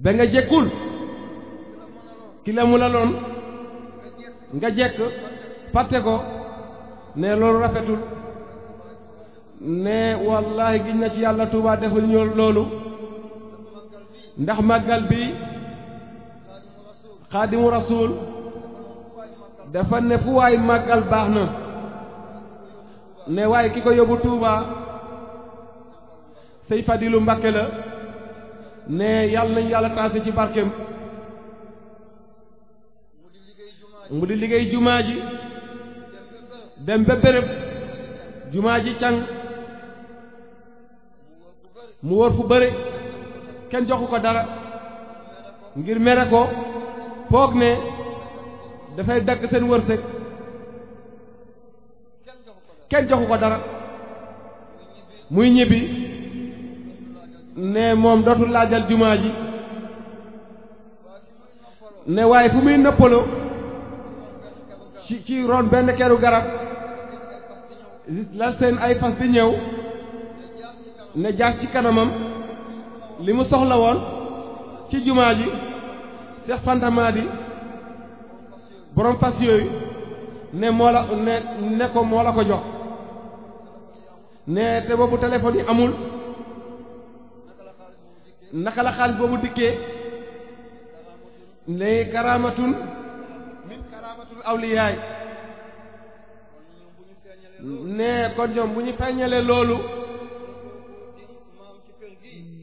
ba nga jekkul ki la mu la loon nga jekk fàtte ko ne loolu rafetul ne wallahi giñ na ci yàlla Tuubaa deful ñu loolu ndax màggal bi xaadimu rasuul dafa ne fu waay màggal baax na ne waaye ki ko yóbbu Touba sëy Fadilu Mbàkke la ne yàlla nañ yàlla taase ci barkeem mu di liggéey jumaa ji dem béréb jumaa ji càng mu wër fu bëri kenn joxu ko dara ngir mere ko foog ne dafay dagg seen wërsëg kenn joxu ko dara muy ñibbi ne moom dootul laajal jumaa ji ne waaye fu muy nëppaloo ci ci ron benn keru garab la seen ay fas di ñëw ne jaas ci kanamam li mu soxla woon ci jumaa ji Seex Fanta borom fas yooyu ne moo la ne ne ko moo la ko jox ne te boobu téléphone amul naka la xaalis boobu dikkee ne karaamatul awliyaay ne kon ñoom bu ñu feeñalee loolu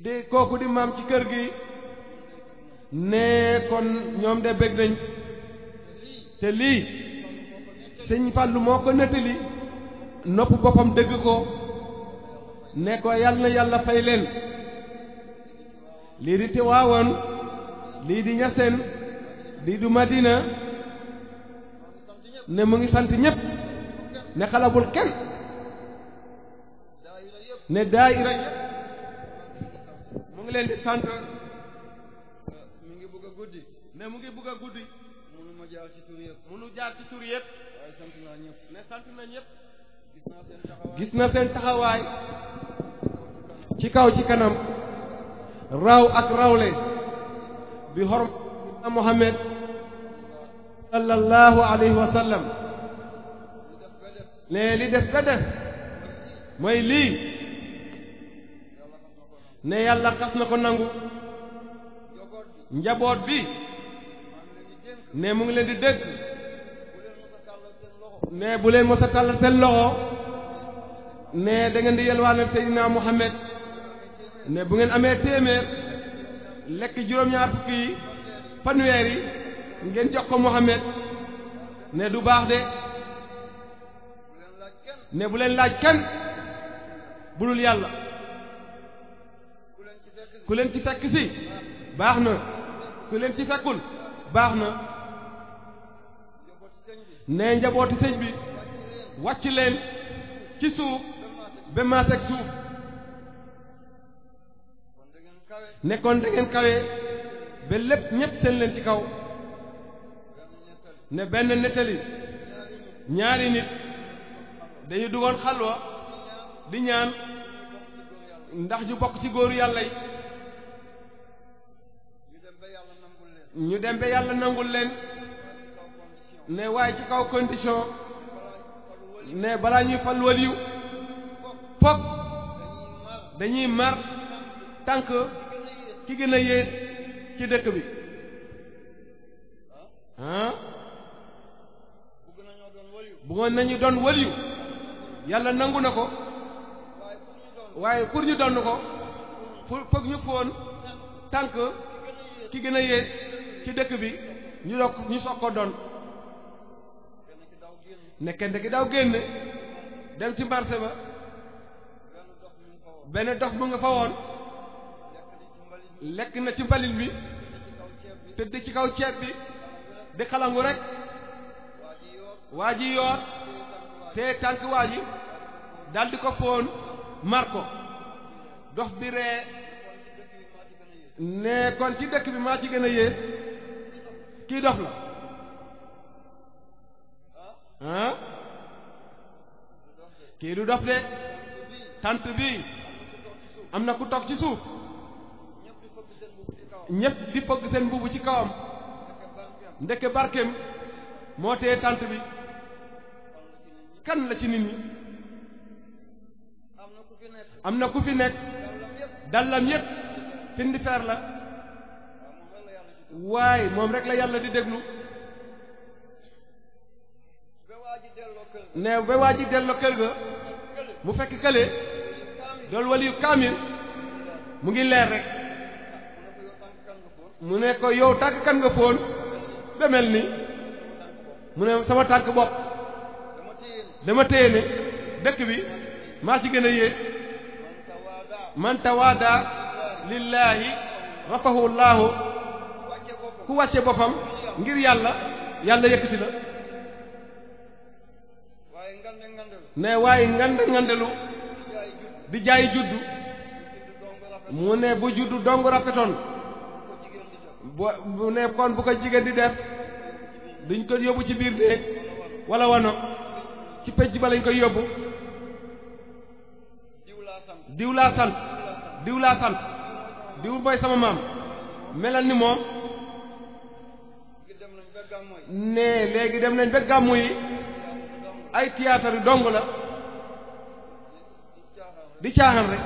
de kooku di maam ci kër gi ne kon ñoom de bëgg nañ te lii sëñ Fàllu moo ko nettali nopp boppam dégg ko ne ko yal na yàlla fay leen lii di Tiwaawoon lii di Ñaseen lii du Madina ne mu ngi sant ñépp ne xalabul kenn ne daayira mu bëgg a guddi mënoo jaar ci tur yëpp. yëpp. waaye sant naa ñëpp. mais sant na gis na seen taxawaay. ci kaw ci kanam. raw ak rawle. bi xorm na Muhammad. sallallahu alayhi wa ne li def ba def. mooy lii. ne yàlla xas na ko nangu. njaboot bi. ne mu ngi leen di dégg ne bu leen mos a seen loxo ne da ngeen di yelwaanal Seydina Muhammad ne bu ngeen amee téeméer lekk juróom-ñaar fukk yi fanweer yi ngeen jox ko Muhammad ne du baax de ne bu leen laaj kenn bu dul yàlla ku leen ci fekk si baax na ku leen ci fekkul baax na nee njabooti sëñ bi wàcc leen ci suuf ba maas ak suuf nekkoon da kawe ba lépp ñépp seen leen ci kaw ne benn nettali ñaari nit dañu dugoon xalwa di ñaan ndax ñu bokk ci góoru yàlla yi ñu dem ba yàlla nangul leen ne waaye ci kaw condition ne balaa ñuy fal waliw pok dañuy mar tànk ki gën a yées ci dëkk bi ah bëggoon nañu doon waliw yàlla nangu na ko waaye pour ñu doon ko pour pour ñu foon tànk ki gën a yées ci dëkk bi ñu doog ñu soog ko doon nekkente gi daaw génne dem ci marché ba benn dox mu nga fa woon lekk na ci mbalit bi tëdd ci kaw ceeb bi di xalangu rek waa ji yoor te tànk waa ji daldi ko foon mar dox bi ree ne kon ci dëkk bi maa ci gën a yées kii dox la ah kii du dof de tant bi am na ku toog ci suuf ñépp di fëgg seen mbubu ci kawam ndeke barkeem moo tee tant bi kan la ci nit ñi am na ku fi nekk dallam yépp pindi feer la waaye moom rek la yàlla di déglu ne ba waa ji delloo kër ga mu fekk kële dool waliyu kaamil mu ngi leer rek mu ne ko yow tànk kan nga fóon ni mu ne sama tànk bopp dama téye ne dëkk bi maa ci gën a yee man tawaada lillaahi rafahu ku wàcce boppam ngir yàlla yàlla yëkkati la ne waaye ngand ngandelu di jaay juddu mu ne bu juddu dong rafetoon bu ne kon bu ko jigéen di def duñ ko yóbbu ci biir néeg wala wano ci pecc ba lañ koy yóbbu diw laa sant diw laa sant diw mooy moom ne léegi dem nañ ba ay théâtre yu dong la di caaxaan rek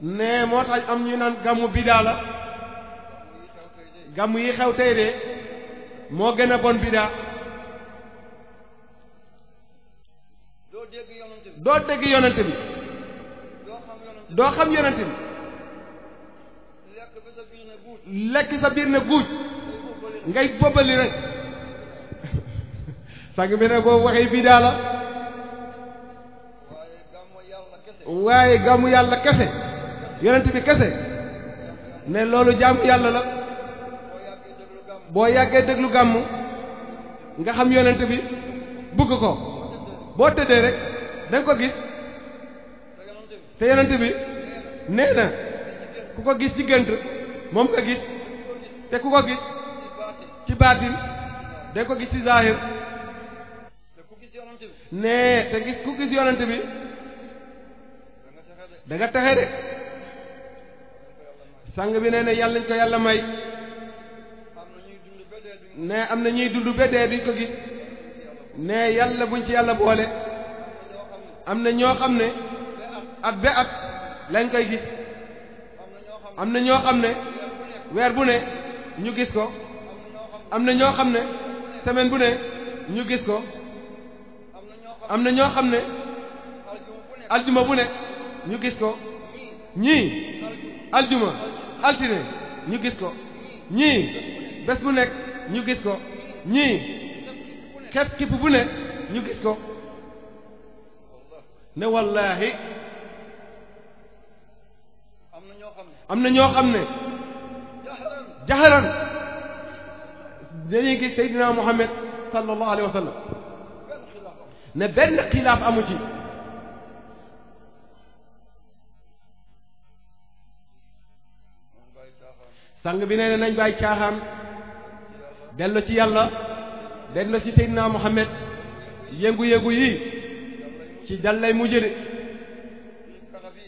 ne moo tax am ñu naan gàmmu bidaa la gàmmu yi xew tey de moo gën a bon bidaa doo dégg yonent bi doo xam yonent bi lekk sa biir ne guuj ngay bobbali rek sang bi ne boobu waxi bidaa la waaye gàmmu yàlla kese yonent bi kese ne loolu jaamu yàlla la boo yàggee déglu gàmmu nga xam yonent bi bëgg ko boo tëddee rek da ko gis te yonent bi nee na ku ko gis ci gént moom nga gis te ku ko gis ci baatin da ko gis ci zaahir nee te gis ku gis yonent bi da nga texe sang bi nee na yàlla ñu ko yàlla may nee am na ñuy dund ba dee duñ ko gis nee yàlla buñ ci yàlla boole am na ñoo xam ne at ba at lañ koy gis am na ñoo xam ne weer bu ne ñu gis ko am na ñoo xam ne semaine bu ne ñu gis ko am na ñoo xam ne aljuma bu nekk ñu gis ko ñii ñu gis ko ñii bés bu nekk ñu gis ko ñii képp képp bu ne ñu gis ko ne wallaahi am na ñoo xam ne jaxaran dañuy gis Seydina Muhammad sallallahu alayhi wa ne benn xilaaf amu ci sang bi nee na nañ bàyyi caaxaan dellu ci yàlla dellu ci Seydina Muhammad yëngu-yëngu yi ci dal lay mujj de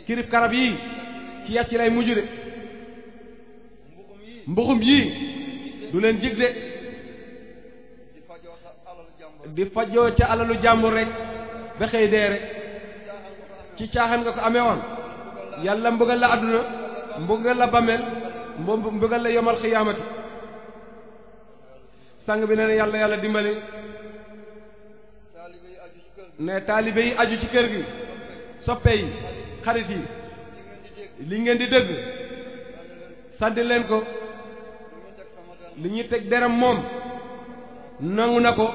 kirib karab yi ci yàcc lay mujj de mbuxum yi du leen jig de di fajoo ca alalu jàmbur rek ba xëy dee rek ci caaxaan nga ko amee woon yàlla mbugal la àdduna mbugal la bamel mbugal la yomal xiyaamati sang bi nee na yàlla yàlla dimbali ne taalibe yi aju ci kër gi soppe yi xarit yi li ngeen di dégg sànni leen ko li ñuy teg deram moom nangu na ko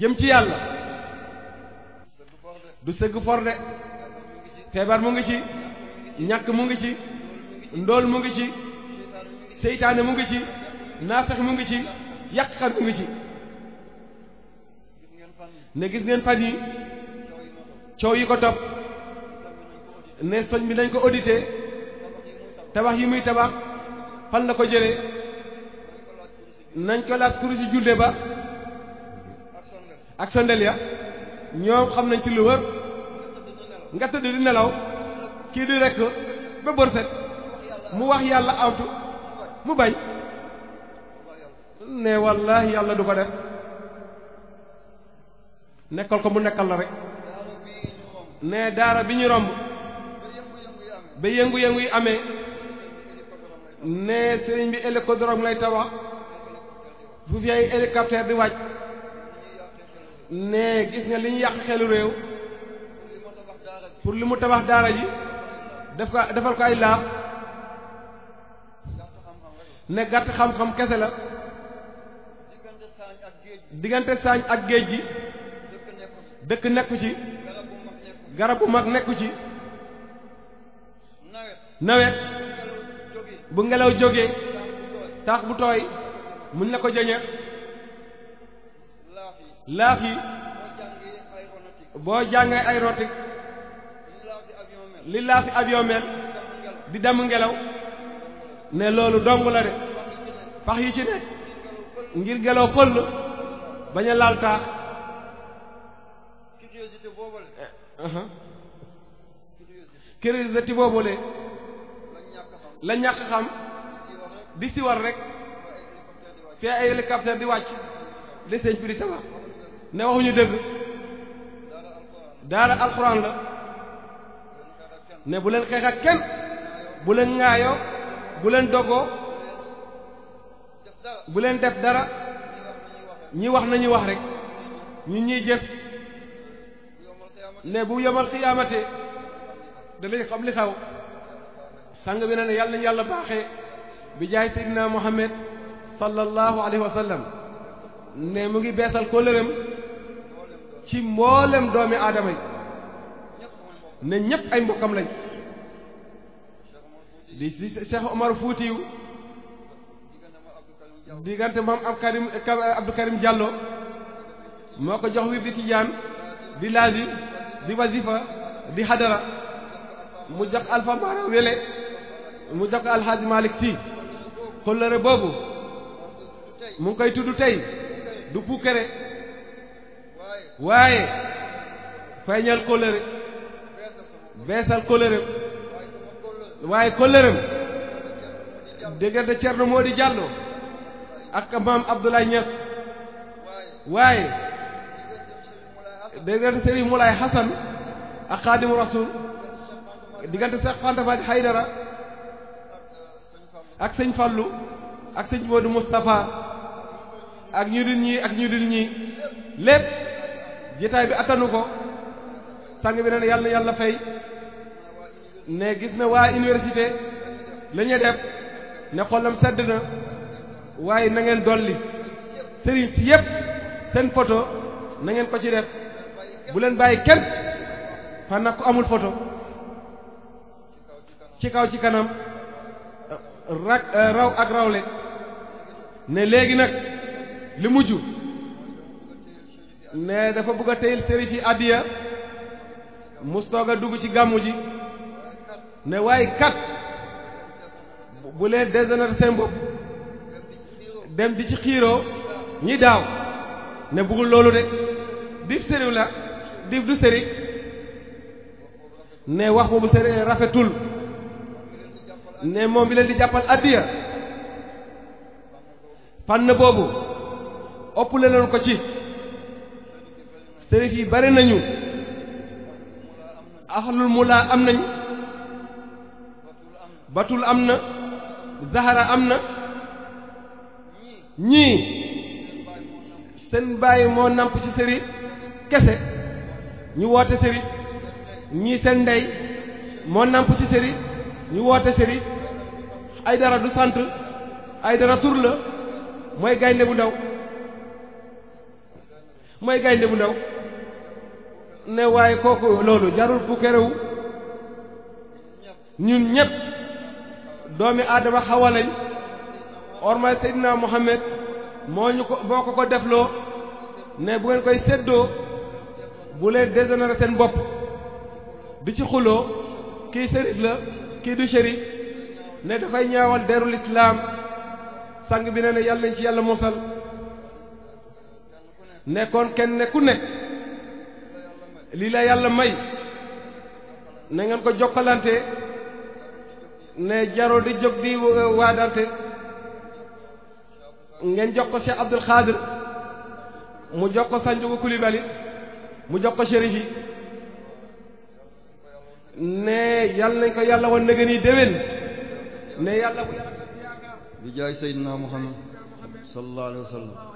jëm ci yàlla du sëgg for feebar mu ngi ci ñàkk mu ngi ci ndool mu ngi ci seytaane mu ngi ci naasax mu ngi ci yàqkat mu ngi ci ne gis ngeen fan yi coow yi ko topp ne soñ bi dañ ko audité tabax yi muy tabax fan la ko jëlee nañ ko laas kuréel si julde ba ak sondel ya ñoom xam nañ ci lu wër nga di nelaw kii di rekk ba bërset mu wax yàlla awtu mu bañ ne wallahi yàlla du ko def nekkal ko mu nekkal la rek ne daara bi ñu romb ba yëngu-yëngu yi amee ne sëriñ bi hélicodrome lay tabax fu fi ay hélicoptère di wàcc ne gis nga li ñu yàq xelu réew pour li mu tabax daara ji def ko defal ko ay laaf ne gàtt xam-xam kese la diggante saañ ak géej gi dëkk nekku ci garab bu mag nekku ci nawet bu ngelaw jógee taax bu tooy muñ la ko joñe laax yi boo jàngee aéronautique li laaxi avion di dem ngelaw ne loolu dong la de pax yi ci ne ngir ngelaw pël bañ a laal taax curiosité boobule la di si rek fee ay hélicoptère di wàcc li seen ne waxuñu dëgg daara alxuraan la ne bu leen xeex ak bu leen ŋaayoo bu leen dogoo bu leen def dara ñi wax nañu wax rek ñun ñuy jëf ne bu yomal xiyaamate danañ xam li xaw sang bi na ne yàlla nañu yàlla baaxee bi jaay seydina Muhammad sallallahu alayhi wa sallam ne mu ngi beesal kóllëreem ci mboolem doomi aadama yi ne ñépp ay mbokkam lañ di si Cheikh Omar Fuutiyu diggante moom ab Karim Abdou moo ko jox wir di tijaan di laazi di wazifa di hadara mu jox Mara Wele mu jox Malik Si kóllëre boobu mu ngi tey du puukere waaye feeñal kóllëre beesal kóllëre waaye kóllëreem diggante Thierno Mody Diallo ak maam Abdoulaye Niass waaye diggante Serigne Moulay Hassan ak Khadim Rasoul diggante Cheikh Fanta Haydara ak sëñ Fallou ak sëñ Modou Moustapha ak ñu ñii ak ñu ñii lépp jitaay bi attanu ko sang bi ne ne yàlla yàlla fay ne gis na waa université la def ne xolam sedd na waaye na ngeen dolli sëriñ si yépp seen photo na ko ci def bu leen bàyyi kenn fan nag ko amul photo ci kaw ci kanam rak raw ak rawle ne léegi nag li mujj ne dafa bëgg a teyil sëriñ yi addiya mustoog a dugg ci gàmmu ji ne waaye kat bu leen déshonor seen bopp dem di ci xiiroo ñi daaw ne bëggul loolu de dib sëriñ la dib du sëriñ ne wax boobu sëriñ rafetul ne moom bi leen di jàppal addiya fànn boobu ëpp leen ko ci sërif yi bari nañu axlul mulaa am nañu batul am na zahara am na ñii seen bàyyi moo namp ci sëri kese ñu woote sëri ñii seen ndey moo namp ci sëri ñu woote sëri ay dara du sant ay dara tur la mooy gaynde bu ndaw mooy gaynde bu ndaw ne waaye kooku loolu jarul pukerewu ñun ñépp doomi aadama xawa lañ ormal Seydina Muhammad moo ñu ko boo ko ko defloo ne bu ngeen koy séddoo bu leen déshonoré seen bopp di ci xuloo kii sérif la kii du sérif ne dafay ñaawal derul islaam sang bi ne ne yàlla nañ ci yàlla musal nekkoon kenn ne ku nekk lii la yàlla may na ngeen ko jokkalante ne jarul di jóg di uh, waadante ngeen jox ko Cheikh Abdul Xaadir mu jox ko Sanjugu Kulibali mu jox ko shérif yi ne yàlla nañ ko yàlla woon nëgën yi déwén ne yàlla bu jaay Seydina Muhammad sallallahu alayhi wa sallam